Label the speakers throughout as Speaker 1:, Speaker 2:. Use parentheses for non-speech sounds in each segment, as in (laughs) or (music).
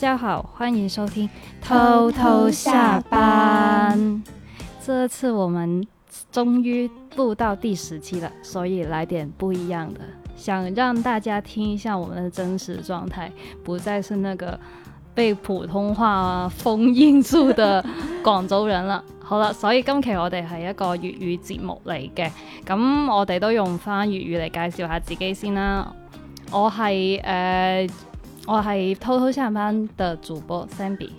Speaker 1: 大家好，歡迎收聽偷偷下班。這次我們終於錄到第十期了，所以來點不一樣的，想讓大家聽一下我們的真實狀態，不再是那個被普通話、啊、封印住的廣州人了。 (laughs) 好啦，所以今期我哋係一個粵語節目嚟嘅，咁我哋都用返粵語嚟介紹下自己先啦。我係誒。呃我係偷偷下班的主播 Sammy，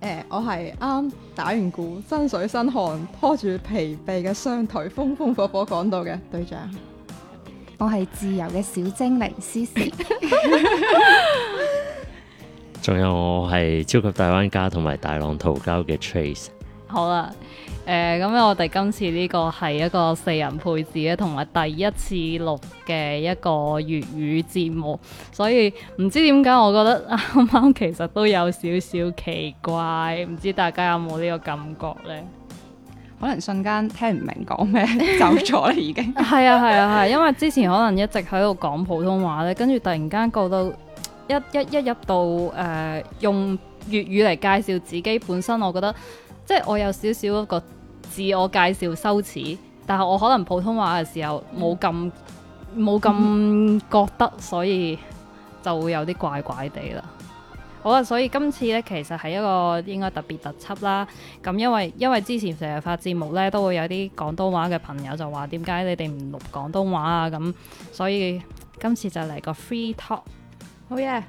Speaker 1: 欸，
Speaker 2: 我係啱打完鼓，身水身汗，拖住疲憊嘅雙腿，風風火火講到嘅隊長，我係自由嘅小精靈 Cici，
Speaker 3: 仲有我係超級大玩家同埋大浪淘礁嘅 Trace，
Speaker 1: 好啦。誒咁、嗯，我哋今次呢個係一個四人配置咧，同埋第一次錄嘅一個粵語節目，所以唔知點解，我覺得啱啱其實都有少少奇怪，唔知大家有冇呢個感覺呢？可能瞬間聽唔明講咩，走咗啦已經。係 (laughs) (laughs) 啊，係啊，係、啊，因為之前可能一直喺度講普通話咧，跟住突然間過到一一一入到誒、呃、用粵語嚟介紹自己本身，我覺得即係我有少少一個。自我介紹羞恥，但係我可能普通話嘅時候冇咁冇咁覺得，所以就會有啲怪怪地啦。好啊，所以今次呢，其實係一個應該特別特輯啦。咁因為因為之前成日發節目呢，都會有啲廣東話嘅朋友就話，點解你哋唔錄廣東話啊？咁，所以今次就嚟個 free talk。好嘢！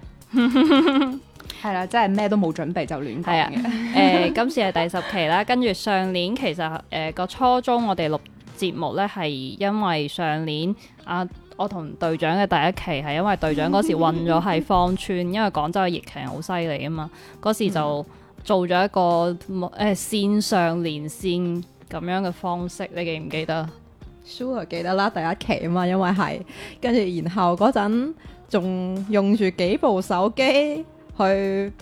Speaker 1: 係啦，真係咩都冇準備就亂講嘅。誒、呃，今次係第十期啦。跟住上年其實誒個、呃、初衷我哋錄節目呢，係因為上年啊，我同隊長嘅第一期係因為隊長嗰時暈咗喺芳村， (laughs) 因為廣州嘅疫情好犀利啊嘛。嗰時就做咗一個誒線、嗯、上連線咁樣嘅方式，你記唔記得？Sure 記得啦，第
Speaker 2: 一期啊嘛，因為係跟住然後嗰陣仲用住幾部手機。去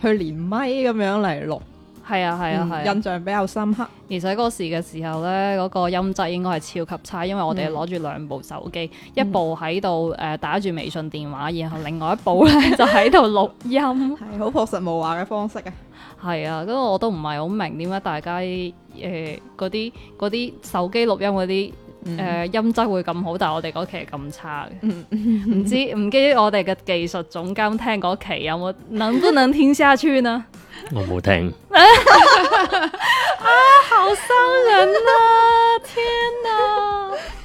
Speaker 2: 去連麥咁樣
Speaker 1: 嚟錄，係啊係啊係、啊嗯，印象比較深刻。而且嗰時嘅時候呢，嗰、嗰個音質應該係超級差，因為我哋攞住兩部手機，嗯、一部喺度誒打住微信電話，嗯、然後另外一部呢 (laughs) 就喺度錄音，係好樸實無華嘅方式啊。係啊，咁我都唔係好明點解大家誒嗰啲嗰啲手機錄音嗰啲。誒、嗯呃，音質會咁好，但我哋嗰期係咁差嘅，唔 (laughs) 知唔記得我哋嘅技術總監聽嗰期有冇能不能聽下去呢？
Speaker 3: 我冇聽，
Speaker 1: 啊，好傷人啊！天
Speaker 2: 啊！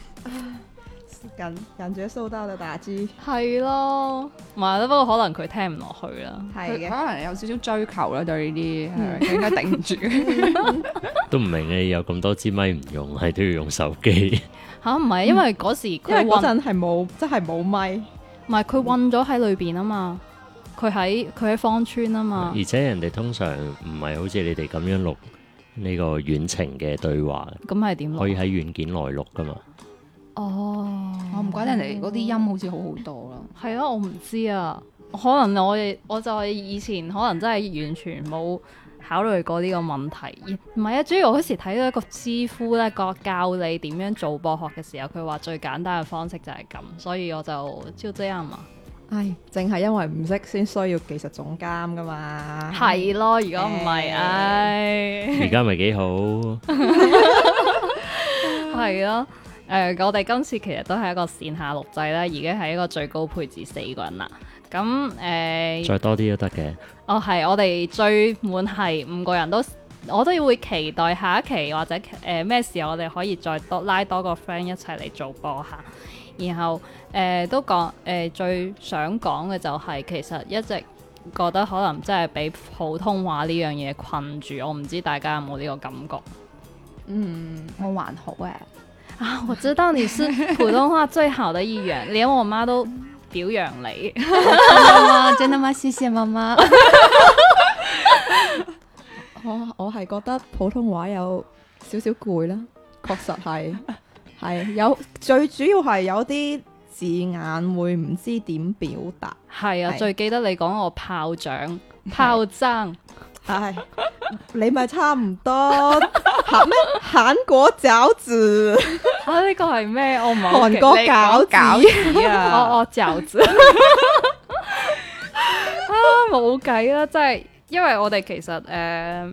Speaker 2: 人人著蘇打就打支，係咯，
Speaker 1: 唔係咧。不過可能佢聽唔落去啦，佢的可能有少少追求啦，對呢啲係咪應該頂唔
Speaker 2: 住？
Speaker 3: (laughs) (laughs) 都唔明你有咁多支咪唔用，係都要用手機
Speaker 1: 吓？唔係、啊、因為嗰時因為嗰陣係冇，即係冇咪，唔係佢混咗喺裏邊啊嘛。佢喺佢喺芳村啊嘛、嗯。而
Speaker 3: 且人哋通常唔係好似你哋咁樣錄呢個遠程嘅對話，咁係點？可以喺軟件內錄㗎嘛？哦。Oh.
Speaker 4: 唔怪得人
Speaker 1: 哋嗰啲音好似好好多啦。係、嗯、啊，我唔知啊，可能我哋，我就係以前可能真係完全冇考慮過呢個問題。唔係啊，主要我嗰時睇到一個知乎咧，個教你點樣做播客嘅時候，佢話最簡單嘅方式就係咁，所以我就就咁啊。唉，
Speaker 2: 淨係、哎、因為唔識，先需要技術總監噶嘛。係咯、啊，如果
Speaker 1: 唔係、啊，唉、哎，而
Speaker 3: 家咪幾好。
Speaker 1: 係、 (laughs) (laughs) 嗯、啊。誒、呃，我哋今次其實都係一個線下錄製啦，而家係一個最高配置四個人啦。咁誒，呃、再多啲都得嘅。哦，係我哋最滿係五個人都，我都要會期待下一期或者誒咩事，呃、時候我哋可以再多拉多個 friend 一齊嚟做播客。然後誒、呃、都講誒、呃、最想講嘅就係、是，其實一直覺得可能真係俾普通話呢樣嘢困住。我唔知大家有冇呢個感覺？嗯，我還好誒。啊，我知道你是普通話最好的一員， (laughs) 連我媽都表揚你， (laughs) (laughs) 真的嗎？真的嗎？謝謝媽媽 (laughs)
Speaker 2: (laughs) 我我係覺得普通話有少少攰啦，確實係係 (laughs) 有最主要係有啲字眼會唔知點表達。
Speaker 1: 係啊，是最記得你講我炮仗、炮針。Okay.
Speaker 3: 唉、
Speaker 2: 哎，你咪差唔多，咩韓國餃子？
Speaker 1: (laughs) 啊，呢個係咩？我唔
Speaker 2: 係韓國餃餃子我
Speaker 1: 我餃子啊，冇計啦，即係、 (laughs) (laughs) 啊、因為我哋其實誒。呃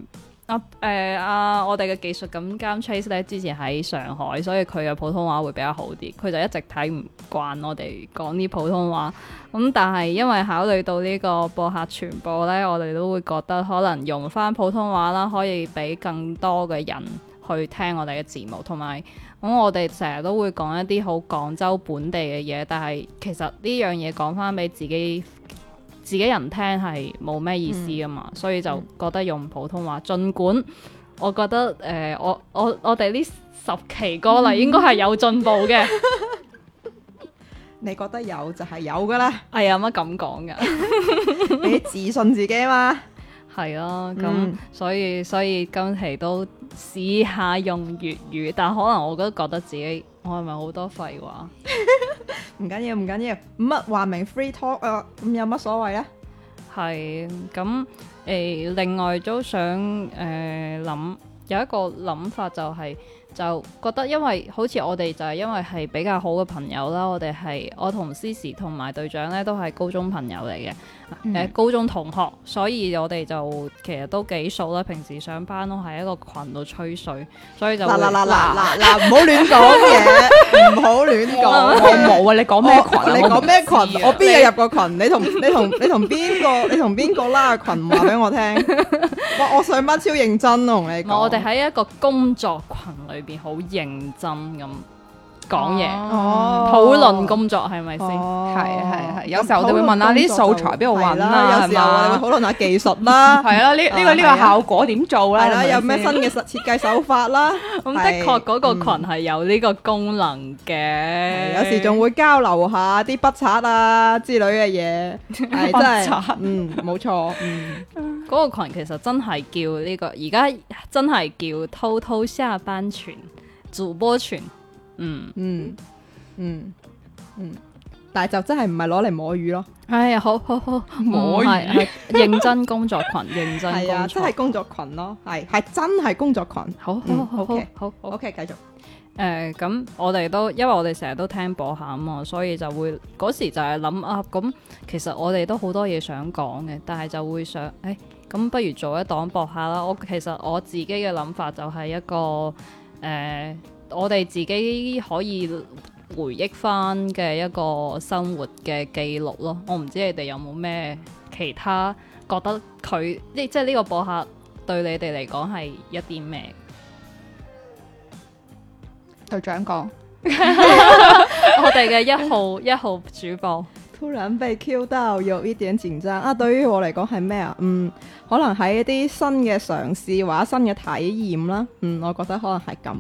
Speaker 1: 啊、呃、啊！我哋嘅技術咁監 Trace 咧，Chase，之前喺上海，所以佢嘅普通話會比較好啲。佢就一直睇唔慣我哋講啲普通話。咁、嗯、但係因為考慮到呢個播客傳播咧，我哋都會覺得可能用翻普通話啦，可以俾更多嘅人去聽我哋嘅節目。同埋咁我哋成日都會講一啲好廣州本地嘅嘢，但係其實呢樣嘢講翻俾自己。自己人聽係冇咩意思㗎嘛，嗯、所以就覺得用普通話。嗯、儘管我覺得誒、呃，我我我哋呢十期歌嚟應該係有進步嘅。嗯、 (laughs) 你覺得有就係有㗎啦。哎呀乜咁講㗎？ (laughs) 你自信自己吖嘛。係 (laughs) 啊，咁、嗯、所以所以，所以今期都試下用粵語，但可能我都覺得自己。我係咪好多廢話？
Speaker 2: 唔緊要，唔緊要，乜話明 free
Speaker 1: talk 啊？咁有乜所謂咧？係咁誒，另外都想誒諗、呃、有一個諗法就係、是。就覺得，因為好似我哋就係因為係比較好嘅朋友啦，我哋係我同 CC 同埋隊長咧都係高中朋友嚟嘅，誒高中同學，所以我哋就其實都幾熟啦。平時上班都喺一個群度吹水，所以就嗱嗱嗱嗱嗱，唔好亂講嘢，唔好亂講。我冇啊，你講咩群？你講咩
Speaker 2: 羣？我邊日入個群？你同你同你同邊個？你同邊個拉群話俾我聽。我
Speaker 1: 上班超認真同你講。我哋喺一個工作群裏。變好認真咁。講嘢，討論工作係咪先？係係係，有
Speaker 2: 時候我哋會問下啲素材邊度搵啦，有時候討論下技術啦，係啊，呢呢個呢個效果點做咧？係啦，有咩新嘅設設計手
Speaker 1: 法啦？咁的確，嗰個群係有呢個功能嘅，有時仲
Speaker 2: 會交流下啲筆刷啊之類嘅嘢，係真係，嗯，冇錯，嗯，
Speaker 1: 嗰個群其實真係叫呢個，而家真係叫偷偷下班群，主播群。
Speaker 2: 嗯嗯嗯嗯，但係就真係唔係攞嚟摸魚咯，係、哎、好好好摸魚，認
Speaker 1: 真工作群， (laughs) 認真。係啊，真係
Speaker 2: 工作群咯，係，係真係工作群，好，好，好，好，OK，繼續。
Speaker 1: 誒、呃，咁我哋都，因為我哋成日都聽播下啊嘛，所以就會嗰時就係諗啊，咁其實我哋都好多嘢想講嘅，但係就會想，誒、哎，咁不如做一檔播客啦。我其實我自己嘅諗法就係一個誒。呃我哋自己可以回憶翻嘅一個生活嘅記錄咯。我唔知你哋有冇咩其他覺得佢呢？即係呢個播客對你哋嚟講係一啲咩？隊長講， (laughs) (laughs) (laughs) 我哋嘅一號 (laughs) 一號主播突然
Speaker 2: 被 Q 到有一點緊張啊！對於我嚟講係咩啊？嗯，可能係一啲新嘅嘗試或者新嘅體驗啦。嗯，我覺得可能係咁。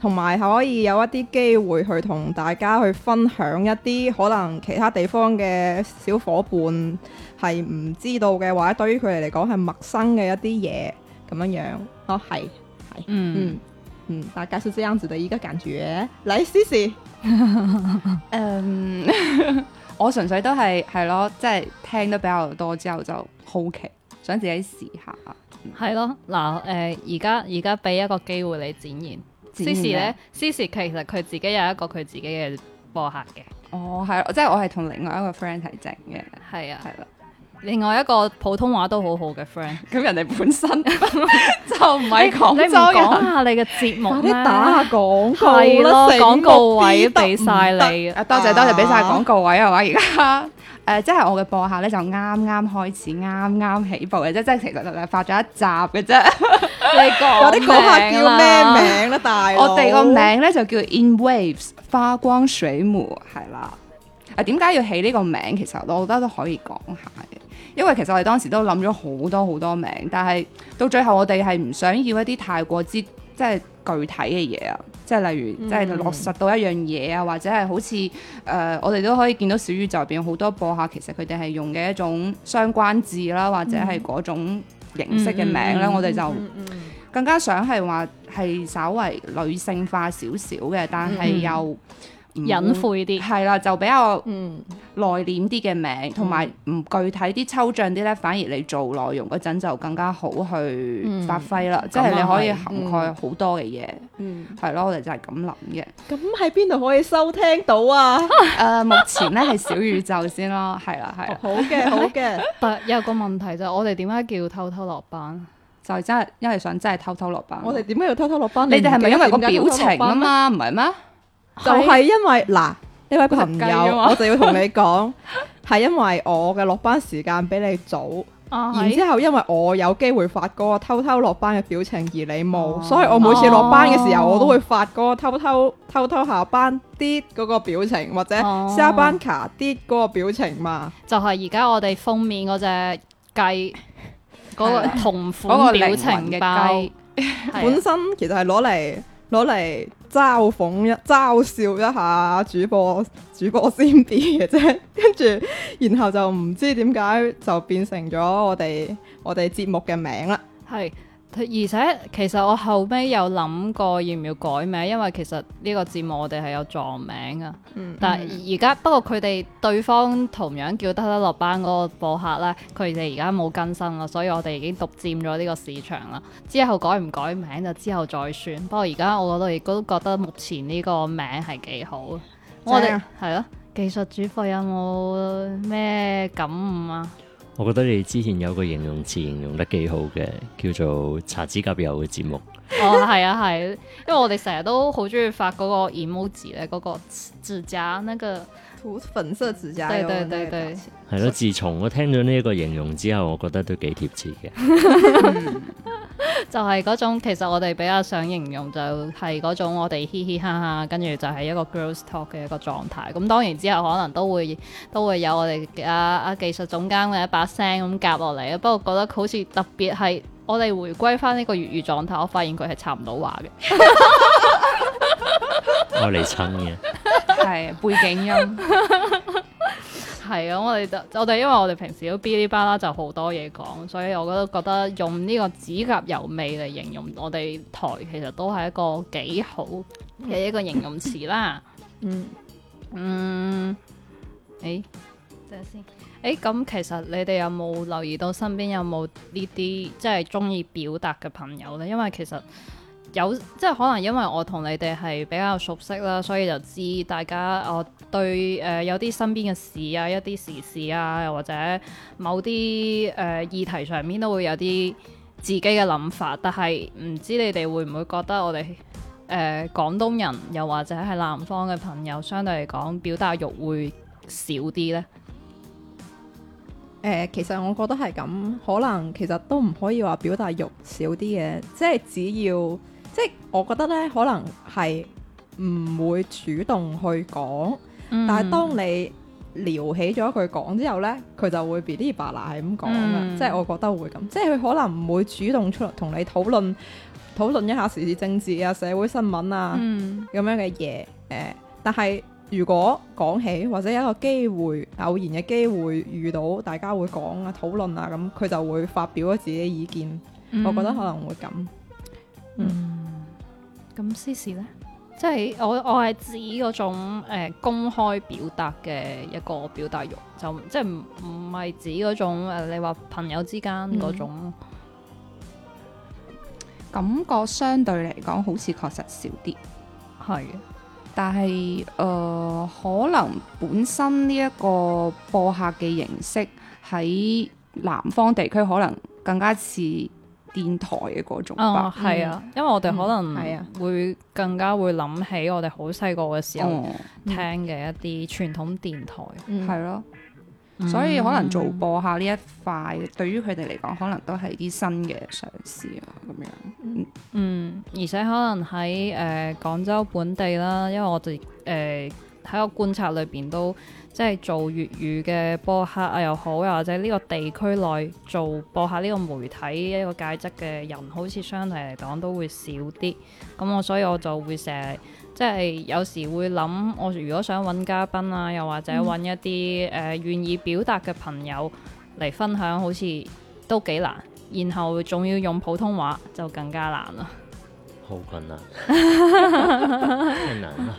Speaker 2: 同埋可以有一啲機會去同大家去分享一啲可能其他地方嘅小伙伴係唔知道嘅，或者對於佢哋嚟講係陌生嘅一啲嘢咁樣樣。哦，係係嗯嗯嗯，大家是這樣子的而家揀住嚟試試，嗯，嗯我純粹都係
Speaker 4: 係咯，即係聽得比較多之後就好奇，想自己試下。
Speaker 1: 係、嗯、咯，嗱、呃，誒，而家而家俾一個機會你展現。C C 咧，C C 其實佢自己有一個佢自己嘅播客嘅。
Speaker 4: 哦，係咯，即係我係同另外一個 friend 係
Speaker 1: 整嘅。係啊，係啦，另外一個普通話都好好嘅 friend。咁人哋本身就唔係講，你唔講下你嘅節目咩？打下廣告，係咯，廣告位俾晒你。
Speaker 4: 啊，多謝多謝，俾晒廣告位係嘛？而家誒，即係我嘅播客咧，就啱啱開始，啱啱起步嘅啫，即係其實就係發咗一集
Speaker 2: 嘅啫。你講，啲講 (laughs) 下叫咩名啦？大我哋個名
Speaker 4: 咧就叫 In Waves 花光水母係啦。啊，點解要起呢個名？其實我覺得都可以講下嘅，因為其實我哋當時都諗咗好多好多名，但係到最後我哋係唔想要一啲太過之即係具體嘅嘢啊，即係例如即係落實到一樣嘢啊，嗯、或者係好似誒、呃，我哋都可以見到小宇宙入邊好多播客。其實佢哋係用嘅一種相關字啦，或者係嗰種。嗯嗯嗯形式嘅名咧，嗯嗯我哋就更加想係話，係稍為女性化少少嘅，但係又。隱晦啲，係啦，就比較內斂啲嘅名，同埋唔具體啲、抽象啲咧，反而你做內容嗰陣就更加好去發揮啦，即係你可以涵蓋好多嘅嘢，係咯，我哋就係咁諗嘅。
Speaker 2: 咁喺邊度可以收聽到啊？誒，目前咧係小宇宙先咯，係啦，係。
Speaker 1: 好嘅，好嘅。但有個問題就係我哋點解叫偷偷落班？就係真係因為想真係偷偷落班。我哋點解要偷偷落班？你哋係咪因為個表情啊嘛？
Speaker 2: 唔係咩？就係因為嗱呢是啦位朋友，我就要同你講，係 (laughs) 因為我嘅落班時間比你早，啊、然之後因為我有機會發嗰個偷偷落班嘅表情而你冇，哦、所以我每次落班嘅時候、哦、我都會發嗰個偷偷偷偷下班啲嗰個表情或者下、哦、班卡啲嗰個表情嘛。
Speaker 1: 就係而家我哋封面嗰隻雞，嗰、嗰個同款表情嘅雞，
Speaker 2: (laughs) 雞 (laughs) 本身其實係攞嚟攞嚟。嘲諷一嘲笑一下主播，主播先啲嘅啫，跟住然後就唔知點解就變成咗我哋我哋節目嘅名啦。係。
Speaker 1: 而且其實我後尾有諗過要唔要改名，因為其實呢個節目我哋係有撞名噶。嗯、但係而家不過佢哋、嗯、對方同樣叫得得落班嗰個播客咧，佢哋而家冇更新啦，所以我哋已經獨佔咗呢個市場啦。之後改唔改名就之後再算。不過而家我覺得亦都覺得目前呢個名係幾好。就是、我哋係咯，就是、技術主播有冇咩感悟啊？
Speaker 3: 我覺得你之前有個形容詞形容得幾好嘅，叫做搽指甲油嘅節目。
Speaker 1: (laughs) 哦，係啊，係、啊，因為我哋成日都好中意發嗰個 emoji 咧，嗰個指甲，那個塗粉色指甲油。對，對對對，
Speaker 3: 係咯、嗯。自從我聽咗呢一個形容之後，我覺得都幾貼切嘅。 (laughs) (laughs) (laughs)
Speaker 1: 就係嗰種，其實我哋比較想形容就係嗰種我哋嘻嘻哈哈，跟住就係一個 girls talk 嘅一個狀態。咁、嗯、當然之後可能都會都會有我哋啊啊技術總監嘅一把聲咁夾落嚟啊。不過覺得好似特別係我哋回歸翻呢個粵語狀態，我發現佢係插唔到話嘅。
Speaker 3: 我嚟親嘅，
Speaker 1: 係背景音。 (laughs) 係啊，我哋就我哋因為我哋平時都噼里啪啦啦，就好多嘢講，所以我覺得覺得用呢個指甲油味嚟形容我哋台其實都係一個幾好嘅一個形容詞啦。嗯嗯，誒等下先，誒咁其實你哋有冇留意到身邊有冇呢啲即係中意表達嘅朋友呢？因為其實。有即係可能，因為我同你哋係比較熟悉啦，所以就知大家我對誒、呃、有啲身邊嘅事啊，一啲時事啊，又或者某啲誒、呃、議題上面都會有啲自己嘅諗法。但係唔知你哋會唔會覺得我哋誒、呃、廣東人，又或者係南方嘅朋友，相對嚟講表達欲會少啲呢？誒、
Speaker 2: 呃，其實我覺得係咁，可能其實都唔可以話表達欲少啲嘅，即係只要。即係，我覺得咧，可能係唔會主動去講，嗯、但係當你撩起咗句講之後咧，佢就會嗶哩吧啦係咁講嘅，嗯、即係我覺得會咁，即係佢可能唔會主動出嚟同你討論討論一下時事政治啊、社會新聞啊咁、嗯、樣嘅嘢，誒，但係如果講起或者有一個機會偶然嘅機會遇到大家會講啊、討論啊咁，佢就會發表咗自己嘅意見，嗯、我覺得可能會咁，嗯。
Speaker 1: 咁私事呢？即係我我係指嗰種誒、呃、公開表達嘅一個表達欲，就即係唔唔係指嗰種誒你話朋友之間嗰種、嗯、
Speaker 4: 感覺，相對嚟講好似確實少啲。係的，但係誒、呃、可能本身呢一個播客嘅形式喺南方地區可能更加似。電台嘅嗰種，啊、嗯，係啊、嗯，因
Speaker 1: 為我哋可能會更加會諗起我哋好細個嘅時候聽嘅一啲傳統電台，係咯，
Speaker 4: 所以可能做播客呢一塊，嗯、對於佢哋嚟講，可能都係啲新嘅嘗試啊咁樣。嗯、
Speaker 1: 嗯，而且可能喺誒、呃、廣州本地啦，因為我哋誒。呃喺我觀察裏邊，都即係做粵語嘅播客啊又好，又或者呢個地區內做播客呢個媒體一個介質嘅人，好似相對嚟講都會少啲。咁我所以我就會成日，即、就、係、是、有時會諗，我如果想揾嘉賓啊，又或者揾一啲誒、嗯呃、願意表達嘅朋友嚟分享，好似都幾難。然後仲要用普通話，就更加難啦。
Speaker 3: 好困難，
Speaker 1: 太 (laughs) (laughs) (laughs) 難啦、啊！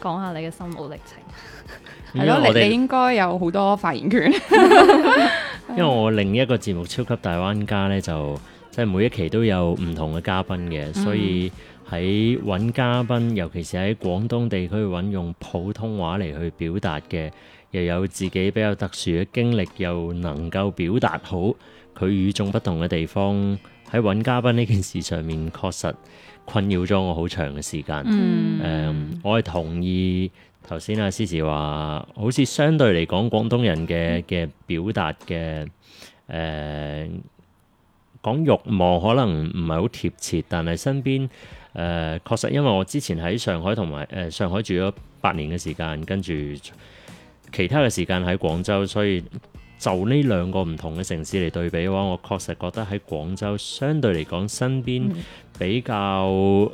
Speaker 1: 講下你嘅心路歷程，
Speaker 3: 係 (laughs) 咯、嗯， (laughs) 你哋應
Speaker 1: 該有好多發言權。 (laughs) 因為
Speaker 3: 我另一個節目《超級大灣家》呢，就即係每一期都有唔同嘅嘉賓嘅，所以喺揾嘉賓，尤其是喺廣東地區揾用普通話嚟去表達嘅，又有自己比較特殊嘅經歷，又能夠表達好佢與眾不同嘅地方，喺揾嘉賓呢件事上面，確實。困擾咗我好長嘅時間。誒、嗯，um, 我係同意頭先阿詩詩話，好似相對嚟講，廣東人嘅嘅表達嘅誒講欲望可能唔係好貼切，但係身邊誒確實因為我之前喺上海同埋誒上海住咗八年嘅時間，跟住其他嘅時間喺廣州，所以就呢兩個唔同嘅城市嚟對比嘅話，我確實覺得喺廣州相對嚟講身邊。嗯比較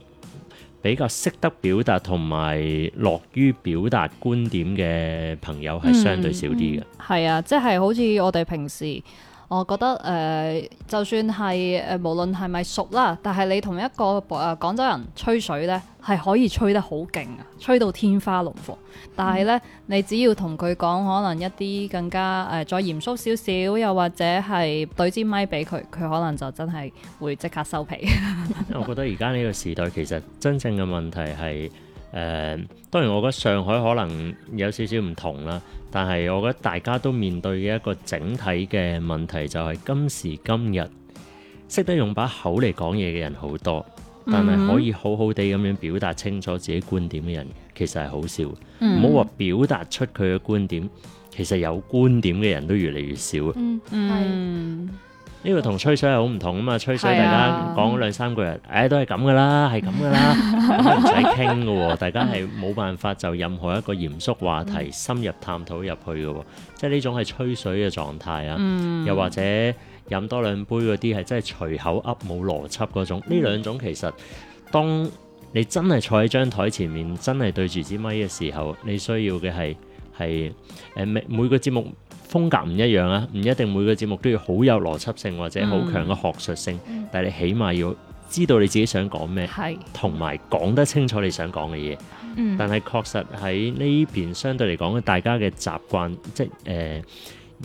Speaker 3: 比較識得表達同埋樂於表達觀點嘅朋友係相對少啲嘅。
Speaker 1: 係、嗯嗯、啊，即係好似我哋平時。我覺得誒、呃，就算係誒、呃，無論係咪熟啦，但係你同一個誒、呃、廣州人吹水呢，係可以吹得好勁啊，吹到天花龍鳳。但係呢，嗯、你只要同佢講可能一啲更加誒、呃，再嚴肅少少，又或者係對支咪俾佢，佢可能就真係會即刻收皮。
Speaker 3: 我覺得而家呢個時代其實真正嘅問題係誒、呃，當然我覺得上海可能有少少唔同啦。但係，我覺得大家都面對嘅一個整體嘅問題就係今時今日，識得用把口嚟講嘢嘅人好多，但係可以好好地咁樣表達清楚自己觀點嘅人，其實係好少。唔好話表達出佢嘅觀點，其實有觀點嘅人都越嚟越少。嗯，嗯，係。呢個同吹水係好唔同啊嘛！吹水大家講兩三個人，誒、哎、都係咁噶啦，係咁噶啦，唔使傾噶喎。大家係冇辦法就任何一個嚴肅話題深入探討入去嘅喎。即係呢種係吹水嘅狀態啊，嗯、又或者飲多兩杯嗰啲係真係隨口噏冇邏輯嗰種。呢兩、嗯、種其實，當你真係坐喺張台前面，真係對住支咪嘅時候，你需要嘅係係誒每每個節目風格唔一樣啊，唔一定每個節目都要好有邏輯性或者好強嘅學術性，嗯、但係你起碼要知道你自己想講咩，係同埋講得清楚你想講嘅嘢。嗯、但係確實喺呢邊相對嚟講，大家嘅習慣，即係誒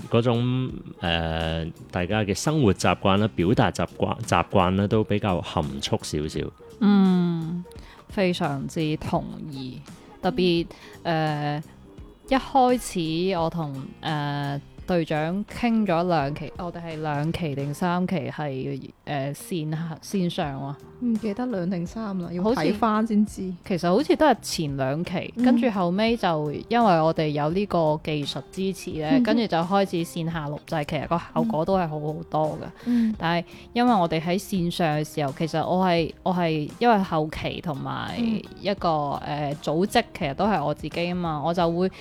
Speaker 3: 嗰種、呃、大家嘅生活習慣啦、表達習慣習慣咧，都比較含蓄少少。
Speaker 1: 嗯，非常之同意，特別誒。呃一開始我同誒、呃、隊長傾咗兩期，我哋係兩期定三期係誒、呃、線下線上啊？唔、呃、
Speaker 2: 記得兩定三啦，要睇翻先知。
Speaker 1: 其實好似都係前兩期，跟住、嗯、後尾就因為我哋有呢個技術支持咧，跟住、嗯、就開始線下錄製，就係、其實個效果都係好好多嘅。嗯、但係因為我哋喺線上嘅時候，其實我係我係因為後期同埋一個誒、呃、組織，其實都係我自己啊嘛，我就會，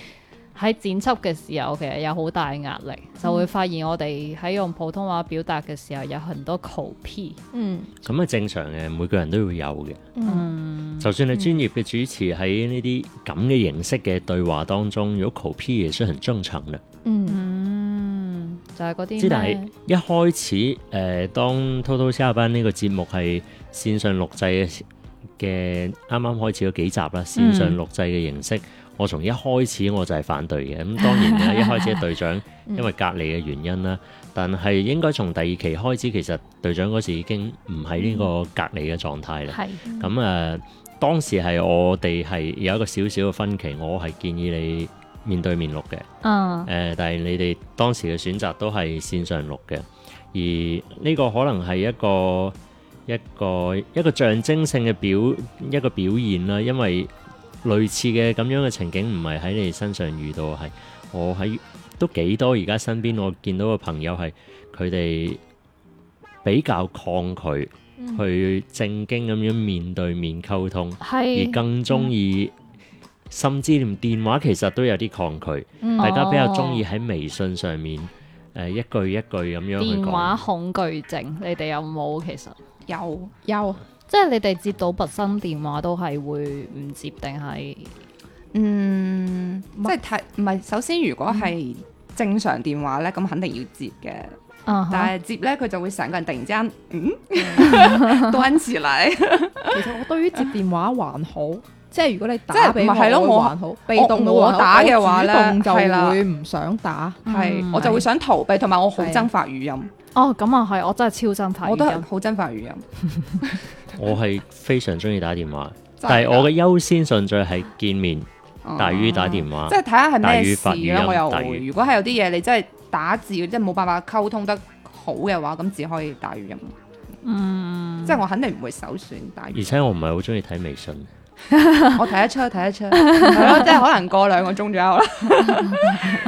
Speaker 1: 喺剪輯嘅時候，其、okay, 實有好大壓力，就會發現我哋喺用普通話表達嘅時候，有很多 copy。嗯，
Speaker 3: 咁啊正常嘅，每個人都會有嘅。嗯，就算係專業嘅主持喺呢啲咁嘅形式嘅對話當中，嗯、如果 copy 亦都係中層嘅。嗯，
Speaker 1: 就係嗰啲。之但係
Speaker 3: 一開始，誒、呃，當《偷偷下班》呢、這個節目係線上錄製嘅，啱啱開始咗幾集啦，線上錄製嘅形式。嗯我從一開始我就係反對嘅，咁當然咧、啊，一開始係隊長因為隔離嘅原因啦， (laughs) 嗯、但係應該從第二期開始，其實隊長嗰時已經唔喺呢個隔離嘅狀態啦。咁誒、嗯嗯嗯、當時係我哋係有一個少少嘅分歧，我係建議你面對面錄嘅。嗯、呃，但係你哋當時嘅選擇都係線上錄嘅，而呢個可能係一個一個一個象徵性嘅表一個表現啦，因為，類似嘅咁樣嘅情景唔係喺你身上遇到，係我喺都幾多而家身邊，我見到個朋友係佢哋比較抗拒去正經咁樣面對面溝通，嗯、而更中意、嗯、甚至連電話其實都有啲抗拒，嗯、大家比較中意喺微信上面誒、嗯呃、一句一句咁樣去講。電話
Speaker 1: 恐懼症，你哋有冇？其實有，有。有嗯即係你哋接到陌生電話都係會唔接定係？
Speaker 4: 嗯，即係睇唔係。首先，如果係正常電話咧，咁肯定要接嘅。
Speaker 3: Uh huh. 但係
Speaker 4: 接咧，佢就會成個人突然之間，嗯，都恩次嚟。
Speaker 2: 其實我對於接電話還
Speaker 4: 好， (laughs) 即係如果你打俾我，係咯、就是，我，我還好。我被動我打嘅話咧，就會唔想打。係的，我就會想逃避，同埋我好憎發語音。哦，咁啊係，我真係超生睇，我都係好憎發語音。
Speaker 3: 我係非常中意打電話，但係我嘅優先順序係見面，大於打電話，即係睇下係咩事啦。我又如果
Speaker 4: 係有啲嘢，你真係打字，即係冇辦法溝通得好嘅話，咁只可以打語音。嗯，即係我肯定唔會首選打語
Speaker 3: 音。而且我唔係好中意睇微信，
Speaker 4: 我睇得出，睇得出，係咯，即係可能過兩個鐘左右啦。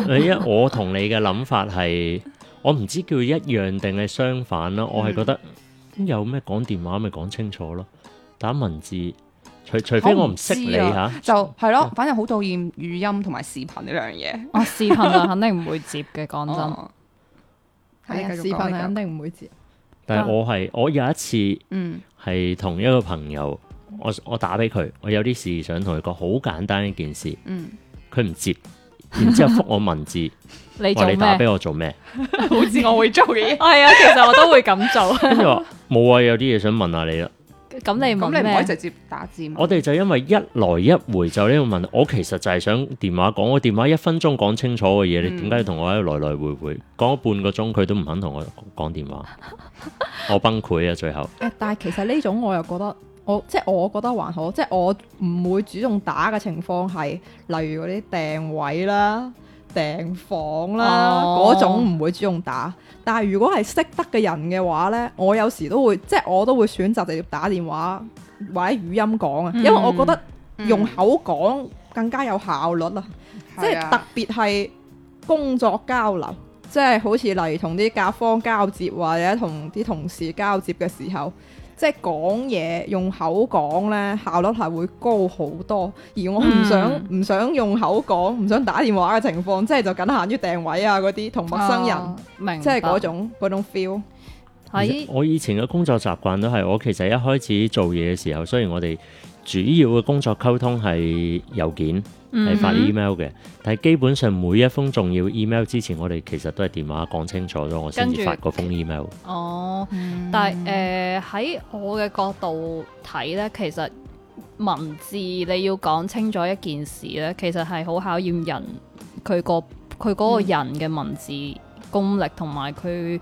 Speaker 3: 你一我同你嘅諗法係。我唔知叫一樣定係相反咯、啊，我係覺得、嗯，有咩講電話咪講清楚咯，打文字除除非我唔識你吓。啊、就
Speaker 4: 係咯，啊、反正好討厭語音同埋視頻呢兩樣嘢。我、啊、視頻就肯定唔會接嘅，
Speaker 2: 講真，係、哦、視頻肯定唔會接。
Speaker 3: 但係我係我有一次，嗯，係同一個朋友，嗯、我我打俾佢，我有啲事想同佢講，好簡單一件事，嗯，佢唔接。然之後復我文字，話你，你打俾我做咩？
Speaker 1: 好似我會做嘅嘢，係啊，其實我都會咁做。跟
Speaker 3: 住話冇啊，有啲嘢想問下你啦。
Speaker 1: 咁你咁你唔可以直接打字，我
Speaker 3: 哋就因為一來一回就呢個問， (laughs) 我其實就係想電話講，我電話一分鐘講清楚嘅嘢，嗯、你點解要同我喺度來來回回講咗半個鐘，佢都唔肯同我講電話， (laughs) 我崩潰啊！最後，
Speaker 2: 但係其實呢種我又覺得。我即係我覺得還好，即係我唔會主動打嘅情況係，例如嗰啲訂位啦、訂房啦嗰、哦、種唔會主動打。但係如果係識得嘅人嘅話呢，我有時都會即係我都會選擇直接打電話或者語音講啊，因為我覺得用口講更加有效率啊。嗯嗯、
Speaker 3: 即係特
Speaker 2: 別係工作交流，啊、即係好似例如同啲甲方交接或者同啲同事交接嘅時候。即係講嘢用口講呢，效率係會高好多。而我唔想唔、嗯、想用口講，唔想打電話嘅情況，即係就僅限於訂位啊嗰啲同陌生人，哦、明即係嗰種嗰種 feel。
Speaker 3: 係以我以前嘅工作習慣都係，我其實一開始做嘢嘅時候，雖然我哋，主要嘅工作溝通係郵件，係發 email 嘅。嗯、哼但係基本上每一封重要 email 之前，我哋其實都係電話講清楚咗，我先至發個封 email。
Speaker 1: 著哦，嗯、但係誒喺我嘅角度睇呢，其實文字你要講清楚一件事呢，其實係好考驗人佢、嗰個佢嗰個人嘅文字功力同埋佢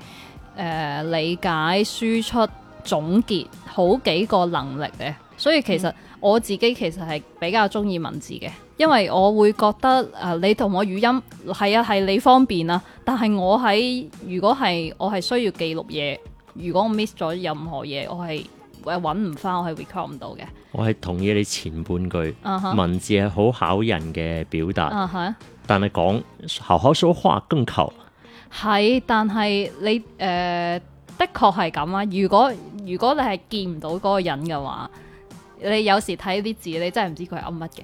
Speaker 1: 誒理解、輸出、總結好幾個能力嘅。所以其實、嗯我自己其實係比較中意文字嘅，因為我會覺得誒、呃，你同我語音係啊係你方便啊，但係我喺如果係我係需要記錄嘢，如果我 miss 咗任何嘢，我係誒揾唔翻，我係 record 唔到嘅。
Speaker 3: 我係同意你前半句，uh huh. 文字係好考人嘅表達、uh huh，但係講口口說話更求
Speaker 1: 係，但係你誒的確係咁啊！如果如果你係見唔到嗰個人嘅話，你有時睇啲字，你真係唔知佢係噏乜嘅。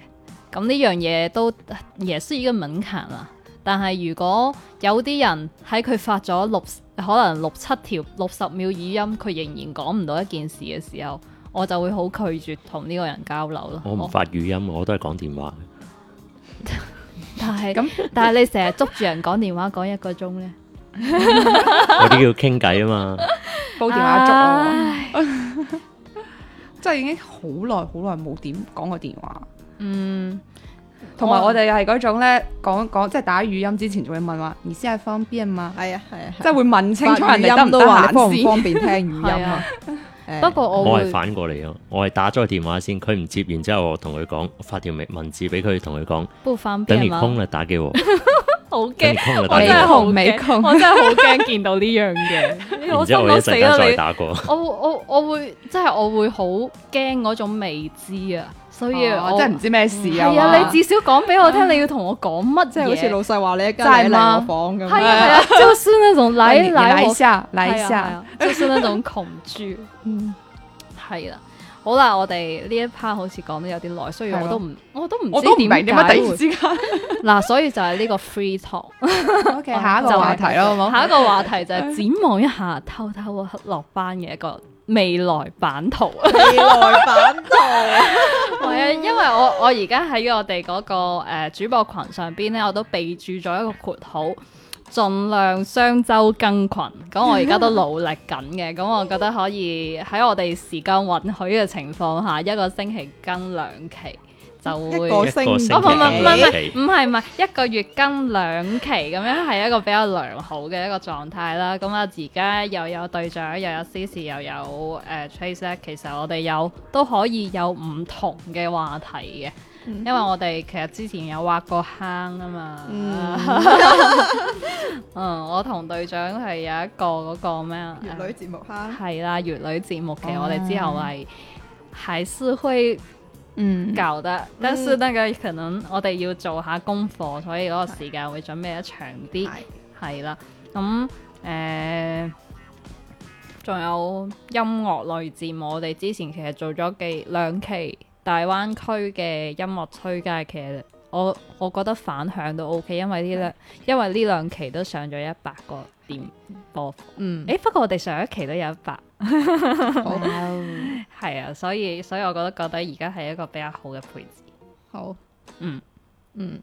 Speaker 1: 咁呢樣嘢都耶穌已經明鑒啦。但係如果有啲人喺佢發咗六可能六七條六十秒語音，佢仍然講唔到一件事嘅時候，我就會好拒絕同呢個人交流咯。我唔發
Speaker 3: 語音，好我都係講電話。
Speaker 1: 但係咁，但係你成日捉住人講電話講一個鐘呢？
Speaker 2: 嗰
Speaker 3: 啲叫傾偈啊嘛，
Speaker 2: 煲電話粥唉
Speaker 4: (laughs) 即係已經好耐好耐冇點講過電話，嗯，同埋我哋係嗰種咧，講講即係打語音之前就會問話，意思係方便嘛？係啊係啊，啊啊即係會問清楚人哋得唔得閒方唔方便聽語音 (laughs) 啊？欸、
Speaker 3: 不
Speaker 1: 過我我係反
Speaker 3: 過嚟啊，我係打咗個電話先，佢唔接，然之後我同佢講發條文文字俾佢，同佢講，不方便等你封啦打俾我。
Speaker 1: (laughs) 好驚，我真係好未恐，我真係好驚見到呢樣嘢。我心我死咗你，我我我會，真係我會好驚嗰種未知啊。所以我真係唔知咩事啊。係啊，你至少講俾我聽，你要同我講乜？即係好似老細話你一間喺我房咁啊。就算嗰種來來來一下，來一下，就算嗰種恐懼。嗯，係啊。好啦，我哋呢一 part 好似講得有啲耐，所以我都唔，我都唔知點解。我都明點解，突然之間嗱，所以就係呢個 free talk，okay, (laughs) 下一個話題咯，好冇、 (laughs) 就是？下一個話題就係展望一下 (laughs) 偷偷落班嘅一個未來版圖， (laughs) 未來版圖，係啊，因為我我而家喺我哋嗰、那個誒、呃、主播群上邊咧，我都備注咗一個括號。盡量雙周更群，咁我而家都努力緊嘅，咁、 (laughs) 嗯、我覺得可以喺我哋時間允許嘅情況下，一個星期更兩期就會一個星期。唔唔唔唔唔，唔係唔係一個月更兩期咁樣係一個比較良好嘅一個狀態啦。咁啊而家又有隊長，又有 CC 又有誒 Trace，、uh, 其實我哋有都可以有唔同嘅話題嘅。因為我哋其實之前有挖過坑啊嘛，嗯， (laughs) (laughs) 嗯，我同隊長係有一個嗰個咩？粵語節目哈？係、啊、啦，粵語節目其實我哋之後係還是會，嗯搞的，但是那個可能我哋要做下功課，嗯、所以嗰個時間會準備得長啲，係的啦。咁誒，仲、呃、有音樂類節目，我哋之前其實做咗幾兩期。大灣區嘅音樂推介，其實我我覺得反響都 O、OK, K，因為呢兩 (music) 因為呢兩期都上咗一百個點播放，嗯，誒、欸、不過我哋上一期都有一百，係 (laughs) 好、 (laughs) 嗯、 (laughs) 啊，所以所以，所以我覺得覺得而家係一個比較好嘅配置。好，嗯
Speaker 3: 嗯，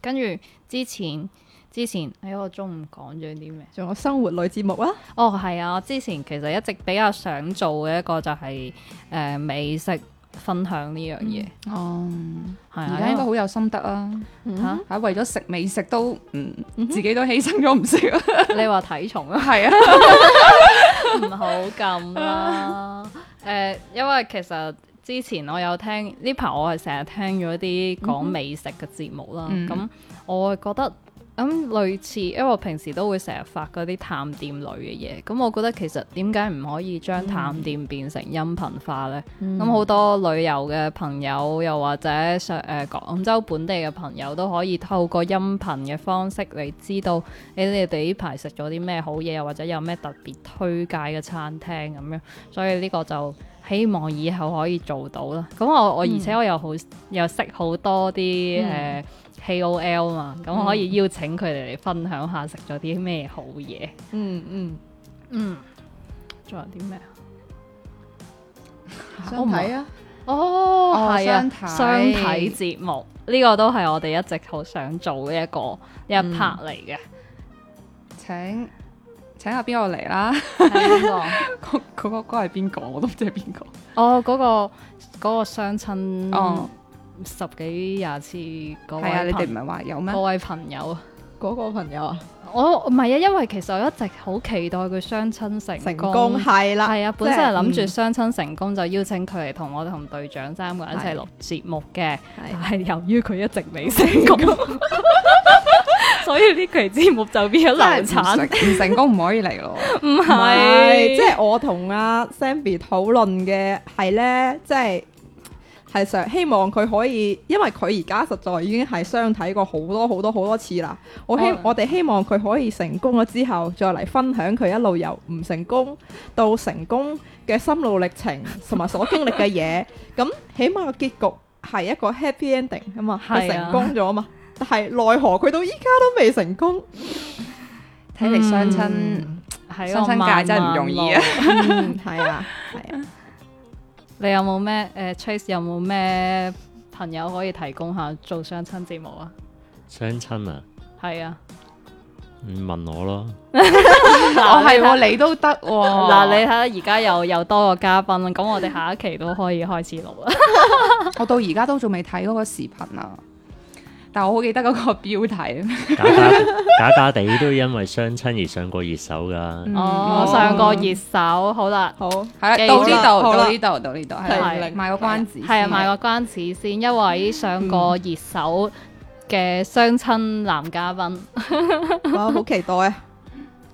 Speaker 1: 跟、嗯、住之前之前喺、哎、我中午講咗啲咩？仲有生活類節目啊？哦，係啊，我之前其實一直比較想做嘅一個就係、是、誒、呃、美食。分享呢樣嘢哦，而家、嗯、的應該好
Speaker 4: 有心得啊！吓、嗯哼，係、啊、為咗食美食都，嗯，嗯哼自己都犧牲咗唔少。
Speaker 1: (laughs) 你話體重 (laughs) (laughs) (laughs) 啊，係啊，唔好咁啦。誒，因為其實之前我有聽呢排，我係成日聽咗一啲講美食嘅節目啦。咁、嗯、哼我係覺得。咁、嗯、類似，因為我平時都會成日發嗰啲探店類嘅嘢，咁我覺得其實點解唔可以將探店變成音頻化呢？咁好、嗯嗯嗯、多旅遊嘅朋友，又或者上誒廣州本地嘅朋友都可以透過音頻嘅方式嚟知道誒、欸、你哋呢排食咗啲咩好嘢，又或者有咩特別推介嘅餐廳咁樣。所以呢個就希望以後可以做到啦。咁我我而且我又好、嗯、又識好多啲誒。嗯呃 KOL 嘛，咁我、嗯、可以邀請佢哋嚟分享下食咗啲咩好嘢、
Speaker 3: 嗯。
Speaker 1: 嗯嗯、這個、嗯，仲有啲咩啊？相睇啊！哦，係啊，相睇節目呢個都係我哋一直好想做嘅一個一拍嚟嘅。請請下邊個嚟啦？個？嗰、那、嗰個哥係邊個？我都唔知係邊個。哦，嗰個嗰個相親哦。十幾廿次，係啊！你哋唔係話有咩？嗰位朋友，嗰個朋友啊，我唔係啊，因為其實我一直好期待佢相親成功，係啦，係啊，本身係諗住相親成功、嗯、就邀請佢嚟同我同隊長三個人一齊錄節目嘅，但係由於佢一直未成，成功， (laughs) (laughs) 所以呢期節目就變咗難產，唔成功唔可以嚟咯，唔係 (laughs) 是，即係
Speaker 2: 我同阿 Sammy 討論嘅係咧，即、就、係、是。係想希望佢可以，因為佢而家實在已經係相睇過好多好多好多次啦。我希、嗯、我哋希望佢可以成功咗之後，再嚟分享佢一路由唔成功到成功嘅心路歷程，同埋所經歷嘅嘢。咁 (laughs) 起碼個結局係一個 happy ending 啊嘛，佢成功咗啊嘛。但係奈何佢到依家都未成功。
Speaker 1: 睇嚟相親，係、嗯、相親界真係唔容易啊！係啊，係啊。你有冇咩？誒，呃，Trace 有冇咩朋友可以提供下做相親節目啊？
Speaker 3: 相親啊？係啊，你問我咯。我係喎，你都得喎。嗱，你睇下
Speaker 1: 而家又又多個嘉賓，咁 (laughs) 我哋下一期都可以開始錄啦。
Speaker 4: 我到而家都仲未睇嗰個視頻啊。
Speaker 1: 但我好記得嗰個標題，
Speaker 3: 假假假假地都因為相親而上過熱搜噶。
Speaker 1: 我上過熱搜，好啦，好，係啦，到呢度，到呢度，到呢度，係啦，賣個關子，係啊，賣個關子先。一位上過熱搜嘅相親男嘉賓，我好期待。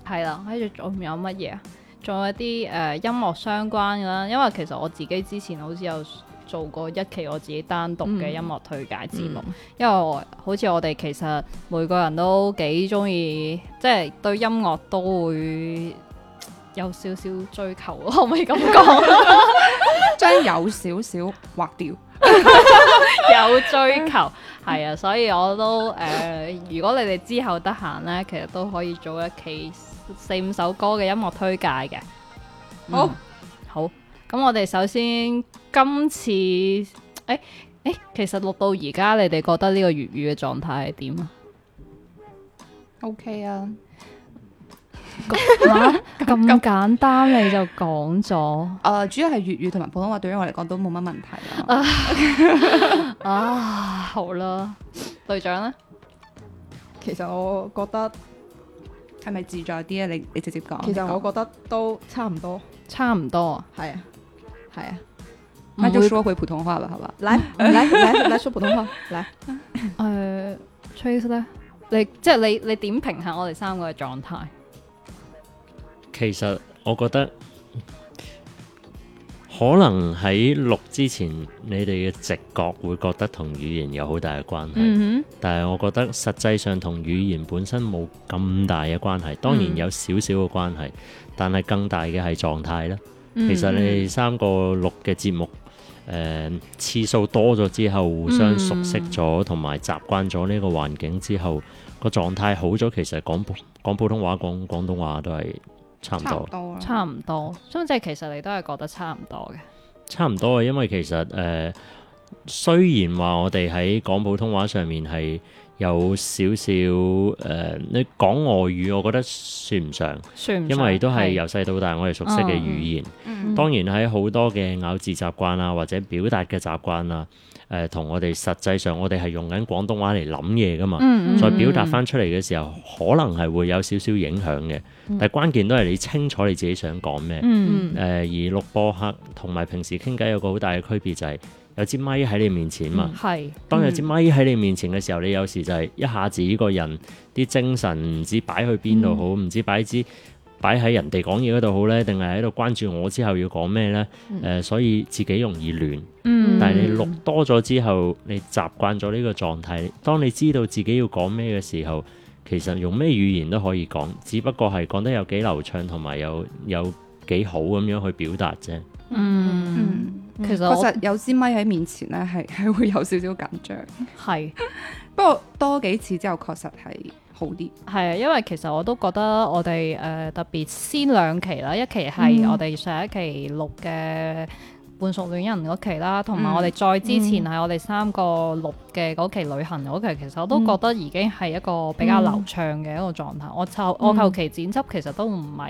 Speaker 1: 係啦，跟住仲有乜嘢啊？仲有啲誒音樂相關噶啦，因為其實我自己之前好似有，做過一期我自己單獨嘅音樂推介節目、嗯嗯，因為我好似我哋其實每個人都幾中意，即係對音樂都會有少少追求，可唔可以咁講？將 (laughs) (laughs) 有少少劃掉， (laughs) (laughs) 有追求係 (laughs) 啊，所以我都誒、呃，如果你哋之後得閒呢，其實都可以做一期四五首歌嘅音樂推介嘅，
Speaker 3: 好。嗯
Speaker 1: 咁、嗯、我哋首先今次，誒、欸、誒、欸，其實錄到而家，你哋覺得呢個粵語嘅狀態係點啊？O K 啊，咁、 (laughs) 啊、簡單你就講咗。誒、呃，主要係
Speaker 4: 粵語同埋普通話對於我嚟講都冇乜問題啊。
Speaker 1: (laughs) (laughs) 啊，好啦，隊長咧，其實我覺得係
Speaker 2: 咪自在啲咧？你你直接講。其實我覺得都差唔多，差唔多啊，係啊。係啊，那就說回普通話吧，好吧來。
Speaker 1: 來來 (laughs) 來，來，來說普通話。來，誒，uh，Trace 咧，你即係你，你點評下我哋三個嘅狀態。
Speaker 3: 其實我覺得，可能喺錄之前，你哋嘅直覺會覺得同語言有好大嘅關係。Mm hmm. 但係我覺得實際上同語言本身冇咁大嘅關係，當然有少少嘅關係，mm hmm. 但係更大嘅係狀態啦。其實你哋三個錄嘅節目，誒、呃、次數多咗之後，互相熟悉咗，同埋習慣咗呢個環境之後，個狀態好咗，其實講講普通話、講廣東話都係差唔多，
Speaker 1: 差唔多，多，即係其實你都係覺得差唔
Speaker 3: 多嘅，差唔多啊！因為其實誒、呃，雖然話我哋喺講普通話上面係。有少少誒、呃，你講外語，我覺得算唔上，算唔上因為都係由細到大我哋熟悉嘅語言。嗯嗯嗯、當然喺好多嘅咬字習慣啊，或者表達嘅習慣啊，誒、呃，同我哋實際上我哋係用緊廣東話嚟諗嘢噶嘛。再、嗯嗯、表達翻出嚟嘅時候，嗯嗯、可能係會有少少影響嘅。嗯、但係關鍵都係你清楚你自己想講咩。誒、嗯嗯嗯呃，而錄播客同埋平時傾偈有個好大嘅區別就係、是。有支咪喺你面前嘛？
Speaker 1: 係、嗯。嗯、當有支咪
Speaker 3: 喺你面前嘅時候，你有時就係一下子呢個人啲精神唔知擺去邊度好，唔、嗯、知擺支擺喺人哋講嘢嗰度好咧，定係喺度關注我之後要講咩咧？誒、嗯呃，所以自己容易亂。嗯、但係你錄多咗之後，你習慣咗呢個狀態。當你知道自己要講咩嘅時候，其實用咩語言都可以講，只不過係講得有幾流暢同埋有有幾好咁樣去表達啫、嗯。嗯。
Speaker 4: 其實確實有支咪喺面前咧，係係會有少少緊張。係是， (laughs) 不過多幾次之後，確實係好啲。
Speaker 1: 係啊，因為其實我都覺得我哋誒、呃、特別先兩期啦，一期係我哋上一期錄嘅半熟戀人嗰期啦，同埋、嗯、我哋再之前係我哋三個錄嘅嗰期旅行嗰期，嗯、其實我都覺得已經係一個比較流暢嘅一個狀態、嗯。我就我後期剪輯其實都唔係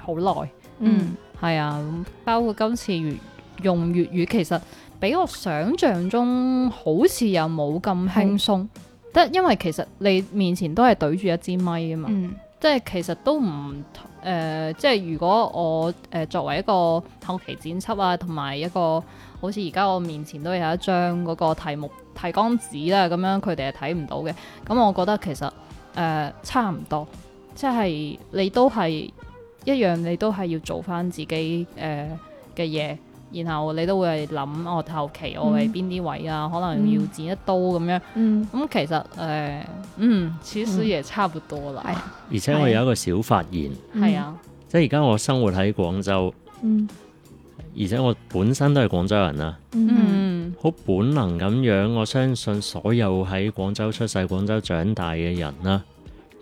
Speaker 1: 好耐，嗯，係、嗯、啊，包括今次用粵語其實比我想象中好似又冇咁輕鬆，得、嗯、因為其實你面前都係對住一支咪啊嘛，嗯、即係其實都唔誒、呃，即係如果我誒、呃、作為一個後期剪輯啊，同埋一個好似而家我面前都有一張嗰個題目提綱紙啦、啊，咁樣佢哋係睇唔到嘅，咁我覺得其實誒、呃、差唔多，即係你都係一樣，你都係要做翻自己誒嘅嘢。呃然後你都會係諗我後期我係邊啲位啊？嗯、可能要剪一刀咁、嗯、樣。嗯。咁、嗯、其實誒，嗯，其實亦差不多啦。嗯、
Speaker 3: 而且我有一個小發、嗯、現，係啊，即係而家我生活喺廣州，嗯，而且我本身都係廣州人啊，嗯，好本能咁樣，我相信所有喺廣州出世、廣州長大嘅人啦，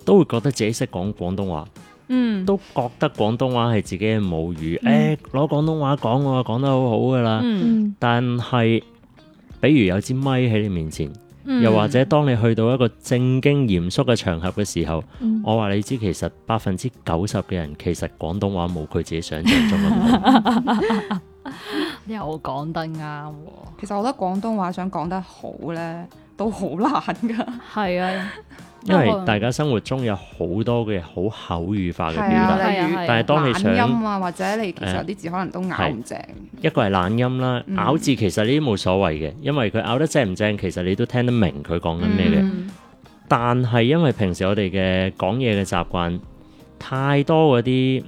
Speaker 3: 都會覺得自己識講廣東話。嗯，都覺得廣東話係自己嘅母語，誒攞、嗯欸、廣東話講我講得好好㗎喇。嗯、但係，比如有支咪喺你面前，嗯、
Speaker 1: 又或者
Speaker 3: 當你去到一個正經嚴肅嘅場合嘅時候，嗯、我話你知，其實百分之九十嘅人其實廣東話冇佢自己想象中咁好。
Speaker 4: (laughs) (laughs) 又講得啱喎，哦，其實我覺得廣東話想講得好呢，都好難㗎。係 (laughs) 啊。
Speaker 3: 因為大家生活中有好多嘅好口語化嘅表達，啊啊啊、但係當你音想、啊、
Speaker 4: 或者你其實有啲字可能都咬唔正、嗯，
Speaker 3: 一個係懶音啦，咬字其實呢啲冇所謂嘅，因為佢咬得正唔正，其實你都聽得明佢講緊咩嘅。嗯、但係因為平時我哋嘅講嘢嘅習慣，太多嗰啲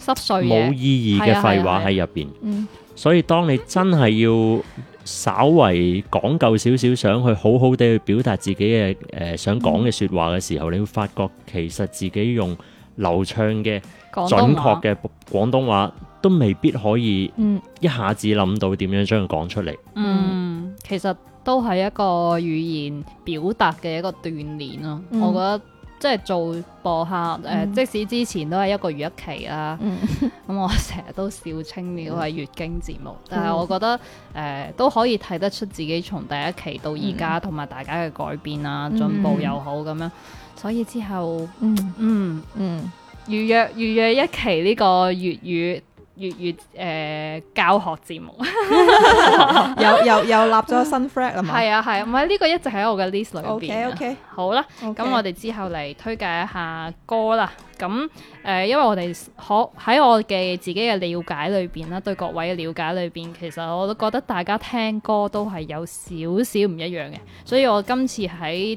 Speaker 1: 濕碎冇意義嘅廢話喺入邊，
Speaker 3: 所以當你真係要。嗯嗯嗯嗯嗯嗯稍為講究少少，想去好好地去表達自己嘅誒、呃、想講嘅説話嘅時候，嗯、你會發覺其實自己用流暢嘅準確嘅廣東話,廣東話都未必可以，一下子諗到點樣將佢講出嚟。嗯，
Speaker 1: 其實都係一個語言表達嘅一個鍛鍊咯、啊，嗯、我覺得。即係做播客，誒、呃，嗯、即使之前都係一個月一期啦，咁、嗯、 (laughs) 我成日都笑稱我係月經節目，嗯、但係我覺得誒、呃、都可以睇得出自己從第一期到而家，同埋、嗯、大家嘅改變啊、進步又好咁樣，嗯、所以之後，嗯嗯嗯，預約預約一期呢個粵語。粵語誒教學節目 (laughs) (laughs) 又，又又又立咗新 flag (laughs) 啊嘛！係啊係，唔係呢個一直喺我嘅 list 裏、e、邊。OK, okay. 好啦，咁 Okay. 我哋之後嚟推介一下歌啦。咁誒、呃，因為我哋可喺我嘅自己嘅了解裏邊啦，對各位嘅了解裏邊，其實我都覺得大家聽歌都係有少少唔一樣嘅，所以我今次喺。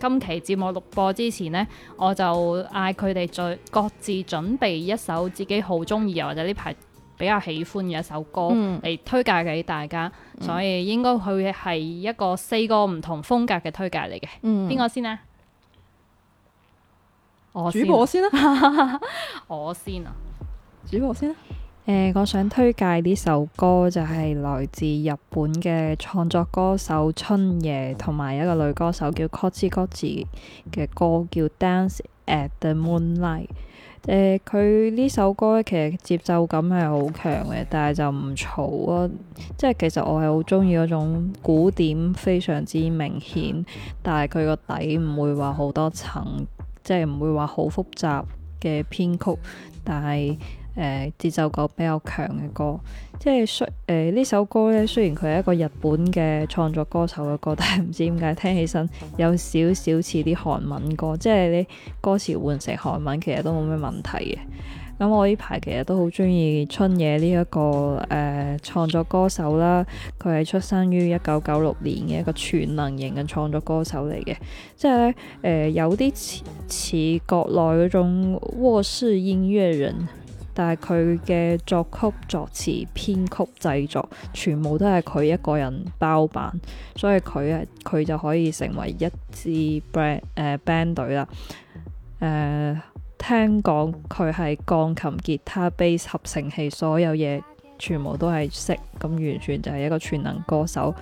Speaker 1: 今期節目錄播之前呢，我就嗌佢哋再各自準備一首自己好鍾意，又或者呢排比較喜歡嘅一首歌嚟推介俾大家，嗯、所以應該佢係一個四個唔同風格嘅推介嚟嘅。邊個、嗯、先呢？主播先啦，我先啊， (laughs) 先了主播先。呃、我想推介呢首歌就係來自日本嘅創作歌手春夜同埋一個女歌手叫 Coty Coty 嘅歌，叫 Dance at the Moonlight。佢、呃、呢首歌其實節奏感係好強嘅，但係就唔嘈啊。即係其實我係好中意嗰種古典非常之明顯，但係佢個底唔會話好多層，即係唔會話好複雜嘅編曲，但係。誒、呃、節奏感比較強嘅歌，即係雖誒呢首歌呢。雖然佢係一個日本嘅創作歌手嘅歌，但係唔知點解聽起身有少少似啲韓文歌，即係你歌詞換成韓文其實都冇咩問題嘅。咁我呢排其實都好鍾意春野呢一個誒、呃、創作歌手啦，佢係出生於一九九六年嘅一個全能型嘅創作歌手嚟嘅，即係呢，誒、呃、有啲似似國內嗰種卧室音樂人。但係佢嘅作曲、作詞、編曲、製作，全部都係佢一個人包辦，所以佢啊，佢就可以成為一支 band 誒、呃、band 隊啦。誒、呃、聽講佢係鋼琴、吉他、bass 合成器所有嘢，全部都係識，咁完全就係一個全能歌手。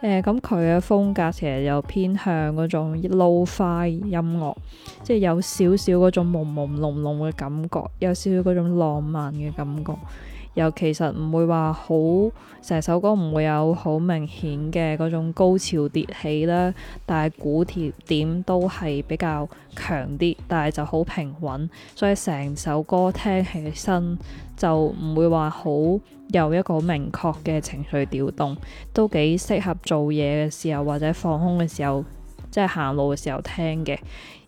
Speaker 1: 誒、呃，咁佢嘅風格其實又偏向嗰種 lo-fi 音樂，即係有少少嗰種朦朦朧朧嘅感覺，有少少嗰種浪漫嘅感覺。又其實唔會話好，成首歌唔會有好明顯嘅嗰種高潮迭起啦。但係鼓點都係比較強啲，但係就好平穩，所以成首歌聽起身就唔會話好有一個明確嘅情緒調動，都幾適合做嘢嘅時候或者放空嘅時候，即係行路嘅時候聽嘅，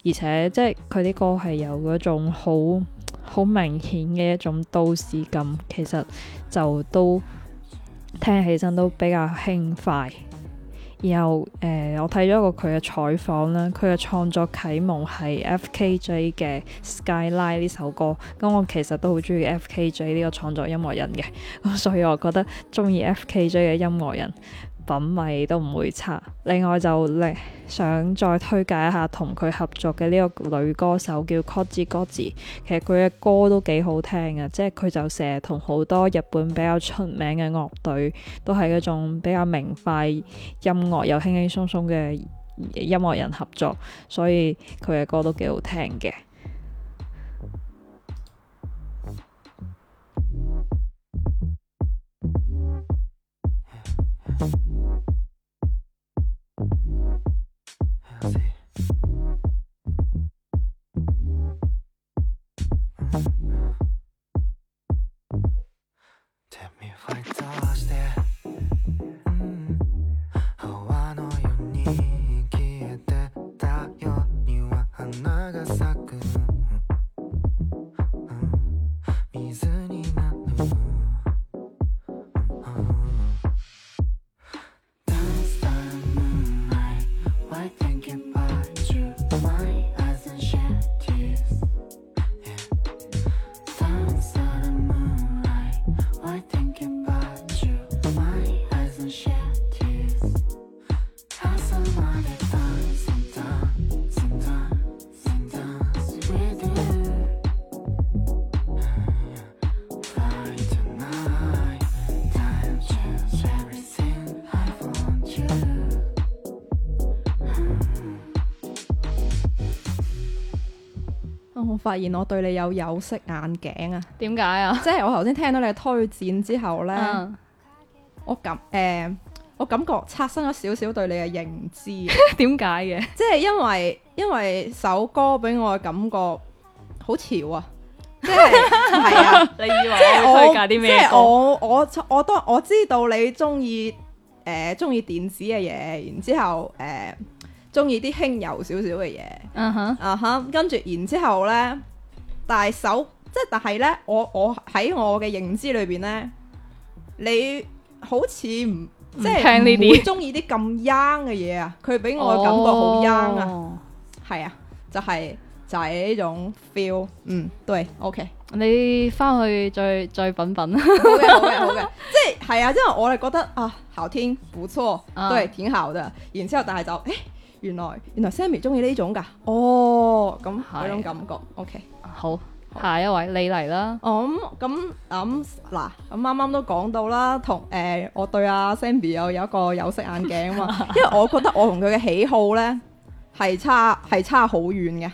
Speaker 1: 而且即係佢啲歌係有嗰種好好明顯嘅一種都市感，其實就都聽起身都比較輕快。然後誒、呃，我睇咗一個佢嘅採訪啦，佢嘅創作啟蒙係 FKJ 嘅 Skyline 呢首歌。咁我其實都好中意 FKJ 呢個創作音樂人嘅，咁所以我覺得中意 FKJ 嘅音樂人。品味都唔會差。另外就嚟想再推介一下同佢合作嘅呢個女歌手叫 Kozigori，其實佢嘅歌都幾好聽嘅，即係佢就成日同好多日本比較出名嘅樂隊，都係嗰種比較明快音樂、又輕輕鬆鬆嘅音樂人合作，所以佢嘅歌都幾好聽嘅。 (laughs)
Speaker 2: 我發現我對你有有色眼鏡啊？點解啊？即係我頭先聽到你嘅推薦之後呢，嗯、我感誒、呃，我感覺刷新咗少少對你嘅認知啊？點解嘅？即係因為因為首歌俾我嘅感覺好潮啊！
Speaker 1: 即係是係 (laughs) 啊， (laughs) 你以為我即係推介啲咩？我
Speaker 2: 我我都我知道你中意誒中意電子嘅嘢，然之後誒。呃中意啲輕柔少少嘅嘢，嗯哼、uh，跟、huh. 住、uh huh. 然之後咧，大手即係但係咧，我我喺我嘅認知裏邊咧，你好似唔即係唔會中意啲咁 young 嘅嘢啊，佢俾我感覺好 young 啊，係啊，就係就係呢種 feel，嗯，對，OK，你翻去再再品品，好嘅好嘅好嘅，即係係啊，因為我哋覺得啊，好聽，不錯，uh huh. 對，挺好的，然之後但係就誒。欸原來原來 Sammy 中意呢種㗎，哦，咁嗰種感覺。的 OK，好，好，下一位好你嚟、嗯嗯、啦。哦咁咁嗱，咁啱啱都講到啦，同、欸、誒，我對阿 Sammy 有有一個有色眼鏡啊嘛， (laughs) 因為我覺得我同佢嘅喜好咧係差係差好遠嘅。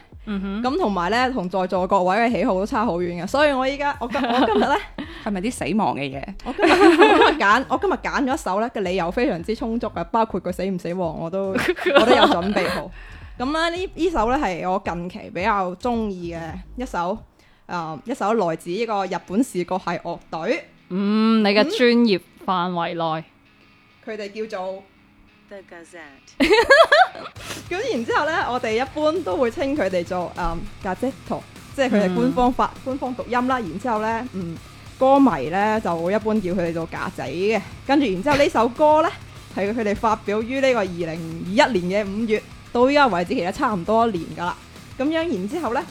Speaker 2: 咁同埋咧，同、嗯、在座各位嘅喜好都差好遠嘅，所以我依家我今我今日咧係咪啲死亡嘅嘢？我今日 (laughs) 今日揀，我今日揀咗一首咧嘅理由非常之充足嘅，包括佢死唔死亡我都我都有準備好。咁咧呢呢首咧係我近期比較中意嘅一首，誒，一首來自呢個日本視覺系樂隊。
Speaker 1: 嗯，你嘅專業
Speaker 2: 範圍內，佢哋、嗯、叫做。咁 (laughs) 然之後咧，我哋一般都會稱佢哋做誒、嗯、Gazetto 即係佢哋官方發、mm. 官方讀音啦。然之後咧，嗯，歌迷呢就一般叫佢哋做架仔嘅。跟住，然之後呢首歌呢，係佢哋發表於呢個二零二一年嘅五月，到依家為止其實差唔多一年噶啦。咁樣，然之後咧，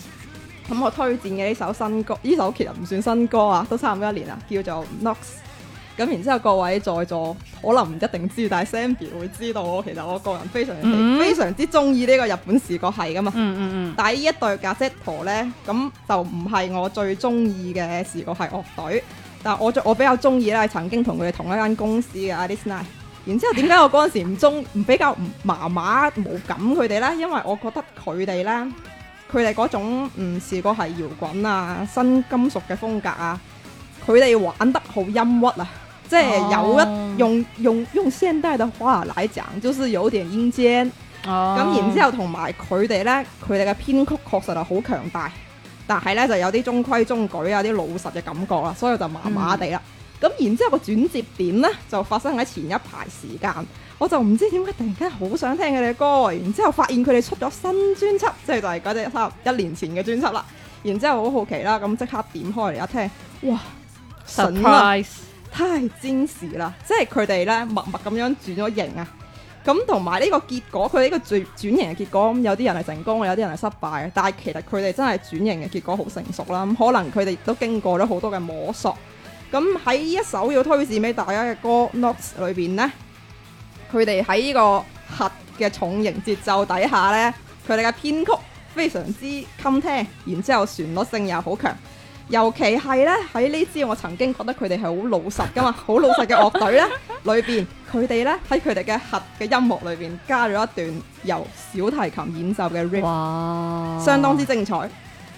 Speaker 2: 咁我推薦嘅呢首新歌，呢首其實唔算新歌啊，都差唔多一年啦，叫做 Nox 咁然之後，各位在座可能唔一定知，但係 Sammy 會知道。其實我個人非常、mm hmm. 非常之中意呢個日本視覺系㗎嘛。Mm hmm. 但係呢一隊 Gazette 呢，咁就唔係我最中意嘅視覺系樂隊。但係我最我比較中意咧，曾經同佢哋同一間公司嘅 Alice Nine (laughs) 然之後點解我嗰陣時唔中唔比較麻麻冇感佢哋呢？因為我覺得佢哋呢，佢哋嗰種嗯視覺系搖滾啊、新金屬嘅風格啊，佢哋玩得好陰鬱啊。即係有一用用用現代的話來講，就是有點陰間。
Speaker 3: 咁、oh. 然之後
Speaker 2: 同埋佢哋呢，佢哋嘅編曲確實係好強大，但係呢就有啲中規中矩有啲老實嘅感覺啦，所以就麻麻地啦。咁、嗯、然之後個轉折點呢，就發生喺前一排時間，我就唔知點解突然間好想聽佢哋嘅歌，然之後發現佢哋出咗新專輯，即係就係嗰隻一年前嘅專輯啦。然之後好好奇啦，咁即刻點開嚟一聽，哇，神。太尖時啦，即係佢哋咧默默咁樣轉咗型啊！咁同埋呢個結果，佢呢個轉轉型嘅結果，咁有啲人係成功，有啲人係失敗。但係其實佢哋真係轉型嘅結果好成熟啦。咁可能佢哋都經過咗好多嘅摸索。咁喺呢一首要推薦俾大家嘅歌《Notes》裏邊呢，佢哋喺呢個核嘅重型節奏底下呢，佢哋嘅編曲非常之禁聽，然之後旋律性又好強。尤其係咧喺呢支我曾經覺得佢哋係好老實噶嘛，好老實嘅樂隊咧，裏邊佢哋咧喺佢哋嘅核嘅音樂裏邊加咗一段由小提琴演奏嘅 riff，哇相當之精彩。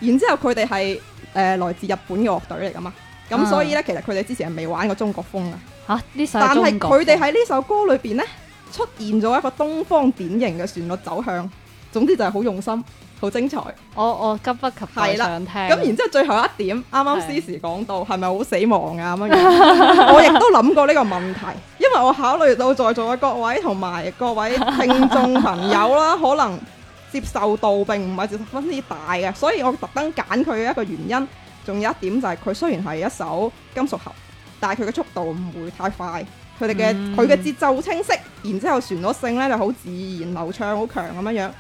Speaker 2: 然之後佢哋係誒來自日本嘅樂隊嚟噶嘛，咁所以咧、嗯、其實佢哋之前係未玩過中國風啊。嚇！但係佢哋喺呢首歌裏邊咧出現咗一個東方典型嘅旋律走向，總之就係好用心。好精彩！我
Speaker 1: 我急不及待想聽。咁然之後最
Speaker 2: 後一點，啱啱 Cici 講到，係咪好死亡啊咁樣？ (laughs) (laughs) 我亦都諗過呢個問題，因為我考慮到在座嘅各位同埋各位聽眾朋友啦，可能接受度並唔係十分之大嘅，所以我特登揀佢嘅一個原因。仲有一點就係佢雖然係一首金屬核，但係佢嘅速度唔會太快，佢哋嘅佢嘅節奏清晰，然之後旋律性咧就好自然流暢，好強咁樣。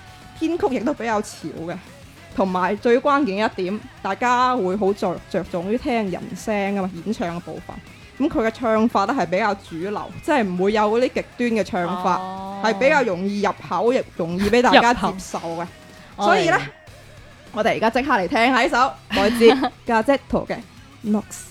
Speaker 2: 編曲亦都比較潮嘅，同埋最關鍵一點，大家會好著着重於聽人聲㗎嘛，演唱嘅部分。咁佢嘅唱法都係比較主流，即係唔會有嗰啲極端嘅唱法，係、啊、比較容易入口，亦容易俾大家接受嘅。口所以呢，哎、我哋而家即刻嚟聽一下一首來自 Gazetto 嘅《NOX》 (laughs)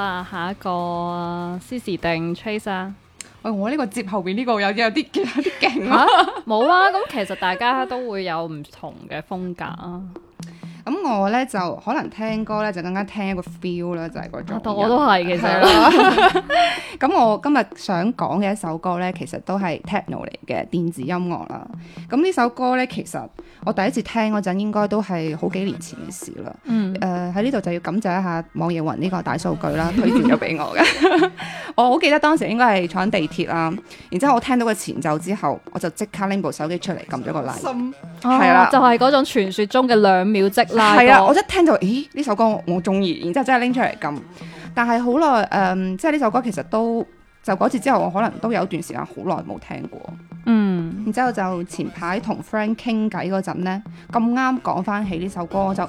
Speaker 1: 啊，下一個 Cici 定 Trace 啊！Tr 喂，我呢個接後邊呢、這個有有啲有啲勁啊，啊！冇啦、啊。咁 (laughs) 其實大家都會有唔同嘅風格啊。
Speaker 4: 咁我咧就可能聽歌咧就更加聽一個 feel 啦，就係、是、嗰種。啊、我都係其實。 (laughs) (laughs) 咁我今日想講嘅一首歌呢，其實都係 techno 嚟嘅電子音樂啦。咁呢首歌呢，其實我第一次聽嗰陣應該都係好幾年前嘅事啦。誒喺呢度就要感謝一下網易雲呢個大數據啦，推薦咗俾我嘅。 (laughs) (laughs) 我好記得當時應該係坐緊地鐵啦，然之後我聽到個前奏之後，我就即刻拎部手機出嚟撳咗個 like。係
Speaker 1: 啦、哦，了就係嗰種傳説中嘅兩秒即 like。係啊，我一
Speaker 4: 聽到「咦」呢首歌我中意，然之後真係拎出嚟撳。但係好耐，嗯，即係呢首歌其實都就嗰次之後，我可能都有段時間好耐冇聽過。嗯，然之後就前排同 friend 傾偈嗰陣呢，咁啱講翻起呢首歌就誒，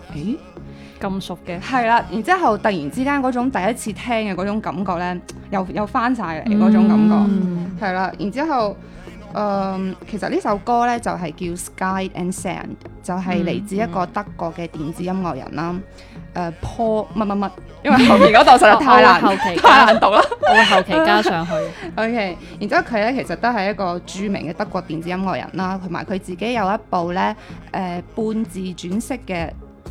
Speaker 4: 咁熟嘅，係啦。然之後突然之間嗰種第一次聽嘅嗰種感覺呢，又又翻晒嚟，嗰種感覺，係啦，嗯。然之後，嗯，其實呢首歌呢，就係叫 Sky and Sand。就係嚟自一個德國嘅電子音樂人啦，誒、嗯嗯呃、，Paul 乜乜乜，因為後面嗰度實在太難，太難讀啦，我會，我會後期加上去。 (laughs) o、okay, K，然之後佢咧其實都係一個著名嘅德國電子音樂人啦，同埋佢自己有一部咧誒、呃、半自傳式嘅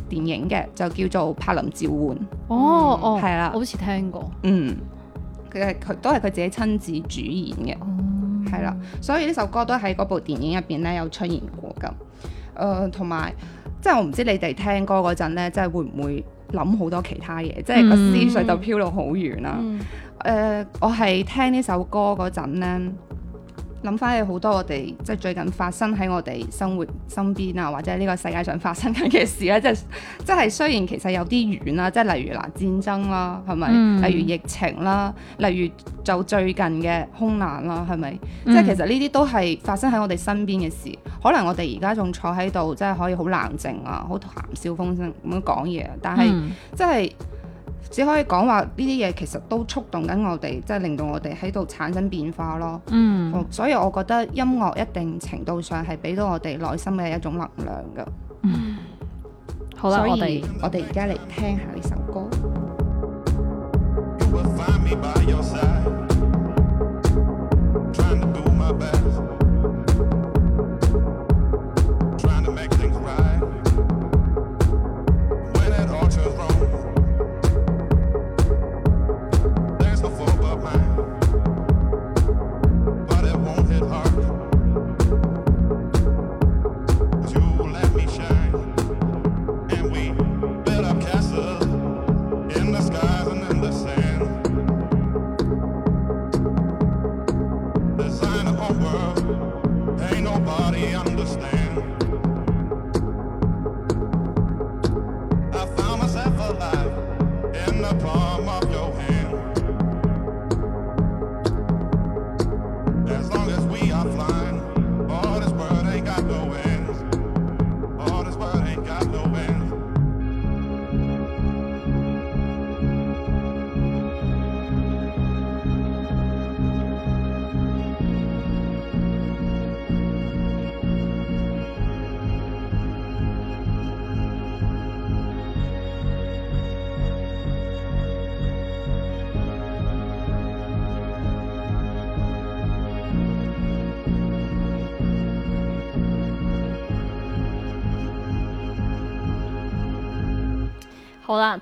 Speaker 4: 電影嘅，就叫做《柏林召喚》。哦哦，係啦，我好似聽過。嗯，佢係佢都係佢自己親自主演嘅，係啦、嗯，所以呢首歌都喺嗰部電影入邊咧有出現過咁。誒同埋，即係我唔知你哋聽歌嗰陣呢，即係會唔會諗好多其他嘢，嗯、即係個思緒就飄到好遠啦，啊。誒、嗯呃，我係聽呢首歌嗰陣呢，諗翻起好多我哋即係最近發生喺我哋生活身邊啊，或者呢個世界上發生緊嘅事啊。即係即係雖然其實有啲遠啦，即係例如嗱戰爭啦，係咪？嗯、例如疫情啦，例如就最近嘅空難啦，係咪？嗯、即係其實呢啲都係發生喺我哋身邊嘅事。可能我哋而家仲坐喺度，即係可以好冷靜啊，好談笑風生咁講嘢，但係、嗯、即係。只可以講話呢啲嘢其實都觸動緊我哋，即係令到我哋喺度產生變化咯。嗯，嗯，所以我覺得音樂一定程度上係俾到我哋內心嘅一種能量噶。嗯，
Speaker 1: 好啦，我哋
Speaker 4: 我哋而家嚟聽下呢首歌。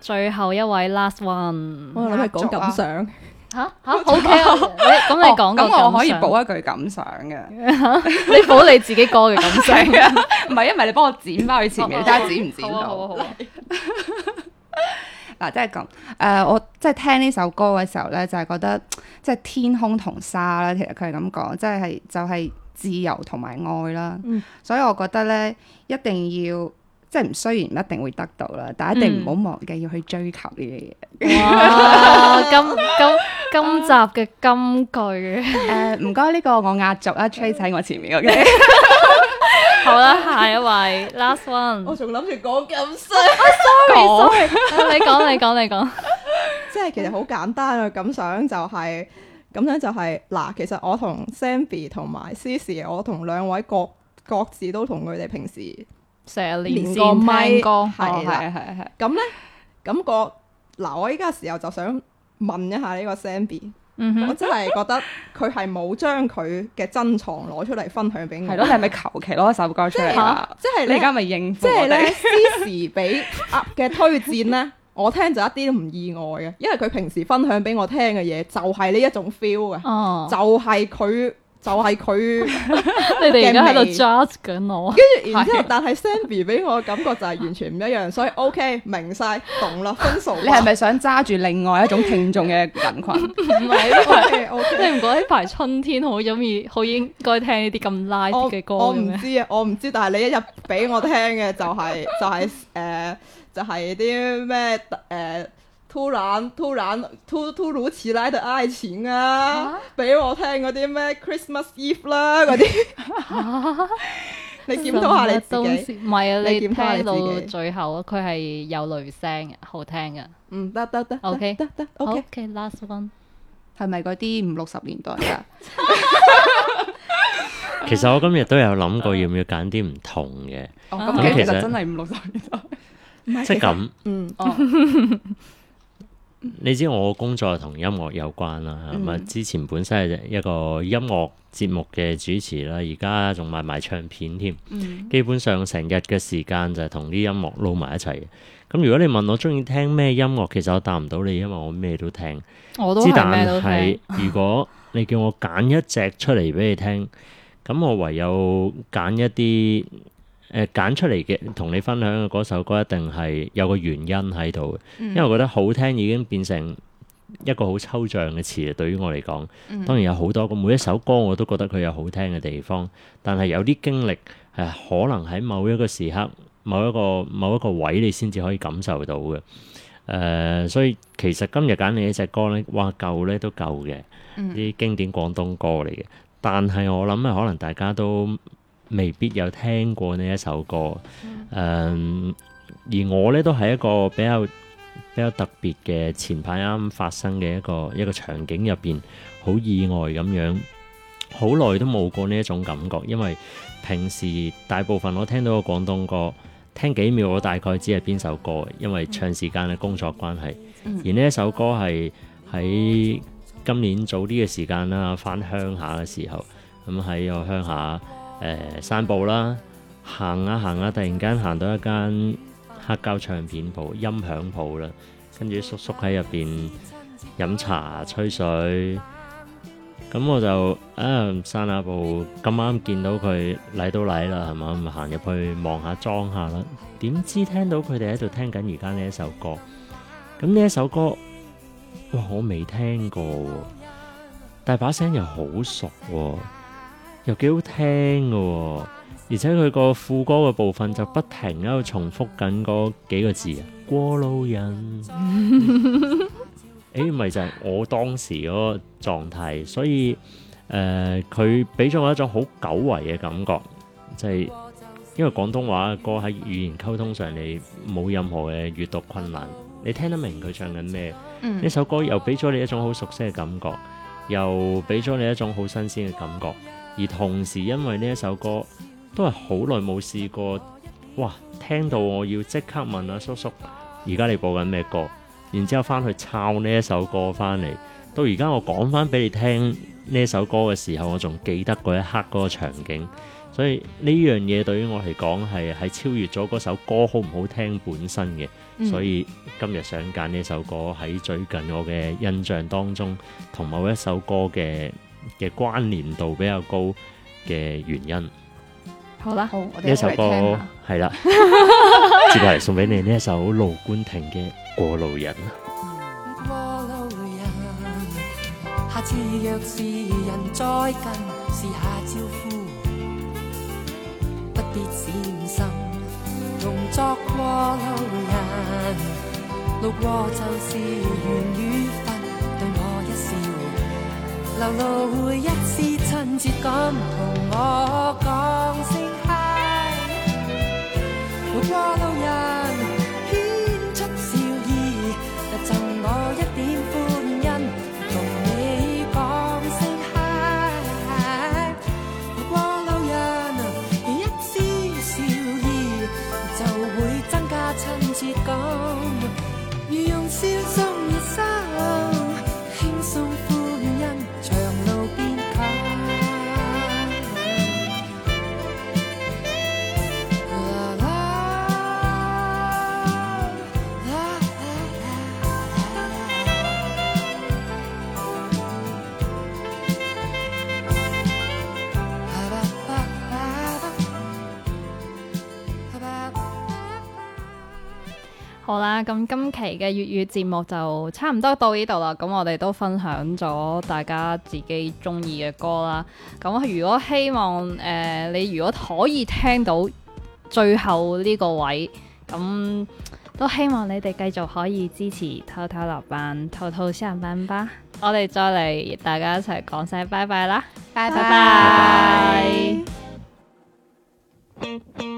Speaker 1: 最後一位 last one，我諗係講感想，吓吓，OK 嘅，咁你講。咁我可以補一
Speaker 4: 句感想嘅，
Speaker 1: 你補你自己歌嘅感想
Speaker 4: 啊？唔係，因為你幫我剪翻去前面，睇下剪唔剪到。嗱，真係咁，誒，我即係聽呢首歌嘅時候咧，就係覺得即係天空同沙啦。其實佢係咁講，即係就係自由同埋愛啦。所以我覺得咧，一定要。即係唔雖然唔一定會得到啦，但係一定唔好忘記要去追求呢啲嘢。哇！
Speaker 1: 今今今集嘅金句，
Speaker 4: 誒唔該呢個我壓軸啊 Trace 喺我前面嘅。Okay?
Speaker 1: (laughs) 好啦，下一位 (laughs) last one。我仲諗住講咁衰。sorry sorry，說 (laughs) 你講你講你
Speaker 2: 講。 (laughs) 即係其實好簡單啊，感想就係、是，咁樣就係、是、嗱，其實我同 Sammy 同埋 Sis，我同兩位各各自都同佢哋平時。
Speaker 1: 連個麥係係係係
Speaker 2: 咁咧，感覺嗱，我依家時候就想問一下呢個 Samby 我真係覺得佢係冇將佢嘅珍藏攞出嚟分享俾我，係咯，你係咪
Speaker 4: 求其攞一首歌出嚟啊？即係你而家咪應即係咧，時
Speaker 2: 時俾啊嘅推薦咧，我聽就一啲都唔意外嘅，因為佢平時分享俾我聽嘅嘢就係呢一種 feel 嘅，就係佢。就係佢，你哋而家喺度
Speaker 1: judge 緊我，跟住然之後，後，
Speaker 2: 但係 Sammy 俾我嘅感覺就係完全唔一樣， (laughs) 所以 OK 明晒，懂啦。分數。你係咪
Speaker 4: 想揸住另外一種聽眾嘅人群？
Speaker 1: 唔係， (laughs) 唔係。你唔覺呢排春天好咁意，好應該聽呢啲咁 live 嘅歌我。我唔知啊， (laughs) 我唔知。但係你一日
Speaker 2: 俾我聽嘅就係就係誒，就係啲咩誒。突然，突然，突突如其來嘅愛情啊！俾我聽嗰啲咩 Christmas Eve 啦，嗰啲。你檢討下你自
Speaker 1: 己，唔係啊？你聽到最後啊，佢係有雷聲，好聽噶。嗯，
Speaker 4: 得得得，OK，得得，OK，last one 係咪嗰啲五六十年代噶？
Speaker 3: 其實我今日都有諗過，要唔要揀啲唔同嘅？咁其實真係五六十年代，即係咁，嗯。你知我工作同音樂有關啦，咁啊、嗯、之前本身係一個音樂節目嘅主持啦，而家仲賣埋唱片添，嗯、基本上成日嘅時間就係同啲音樂撈埋一齊。咁如果你問我鍾意聽咩音樂，其實我答唔到你，因為我咩都聽。
Speaker 1: 我都係只 是。但係 (laughs) 如
Speaker 3: 果你叫我揀一隻出嚟俾你聽，咁我唯有揀一啲。誒揀出嚟嘅同你分享嘅嗰首歌，一定係有個原因喺度、嗯、因為我覺得好聽已經變成一個好抽象嘅詞嚟。對於我嚟講，當然有好多個，每一首歌我都覺得佢有好聽嘅地方，但係有啲經歷係可能喺某一個時刻、某一個某一個位，你先至可以感受到嘅。誒、呃，所以其實今日揀你呢隻歌呢，哇，舊呢都舊嘅，啲經典廣東歌嚟嘅。但係我諗啊，可能大家都～未必有聽過呢一首歌，誒、嗯嗯，而我呢都係一個比較比較特別嘅前排啱啱發生嘅一個一個場景入邊，好意外咁樣，好耐都冇過呢一種感覺。因為平時大部分我聽到嘅廣東歌，聽幾秒我大概知係邊首歌，因為長時間嘅工作關係。而呢一首歌係喺今年早啲嘅時間啦，翻鄉下嘅時候，咁、嗯、喺我鄉下。誒散、呃、步啦，行啊行啊，突然間行到一間黑膠唱片鋪、音響鋪啦，跟住叔叔喺入邊飲茶吹水，咁我就啊散下步，咁啱見到佢嚟都嚟啦，係嘛？咪行入去望下裝下啦。點知聽到佢哋喺度聽緊而家呢一首歌，咁呢一首歌，哇！我未聽過，但係把聲又好熟喎、啊。又幾好聽嘅、哦，而且佢個副歌嘅部分就不停喺度重複緊嗰幾個字啊。過路人，唔咪、 (laughs) 欸、就係、是、我當時嗰個狀態，所以誒，佢俾咗我一種好久違嘅感覺，就係、是、因為廣東話嘅歌喺語言溝通上，你冇任何嘅閲讀困難，你聽得明佢唱緊咩？呢、嗯、首歌又俾咗你一種好熟悉嘅感覺，又俾咗你一種好新鮮嘅感覺。而同時，因為呢一首歌都係好耐冇試過，哇！聽到我要即刻問阿、啊、叔叔：而家你播緊咩歌？然之後翻去抄呢一首歌翻嚟。到而家我講翻俾你聽呢首歌嘅時候，我仲記得嗰一刻嗰個場景。所以呢樣嘢對於我嚟講係係超越咗嗰首歌好唔好聽本身嘅。所以今日想揀呢首歌喺最近我嘅印象當中同某一首歌嘅。嘅關聯度比較高嘅原因，
Speaker 1: 好啦，好，我哋一首歌，啦。
Speaker 3: 係啦的， (laughs) 接過嚟送俾你呢一首盧冠廷嘅《過路人》。
Speaker 4: 路路 (noise) (noise) 路人，人人。下下次若是是是再試下招呼。不別
Speaker 3: 作過路人路過就是流露一絲親切感，同我講。 (noise)
Speaker 1: 好啦，咁今期嘅粵語節目就差唔多到呢度啦。咁我哋都分享咗大家自己中意嘅歌啦。咁如果希望誒、呃，你如果可以聽到最後呢個位，咁都希望你哋繼續可以支持偷偷落班、偷偷上班吧。我哋再嚟大家一齊講聲拜拜啦，拜拜拜。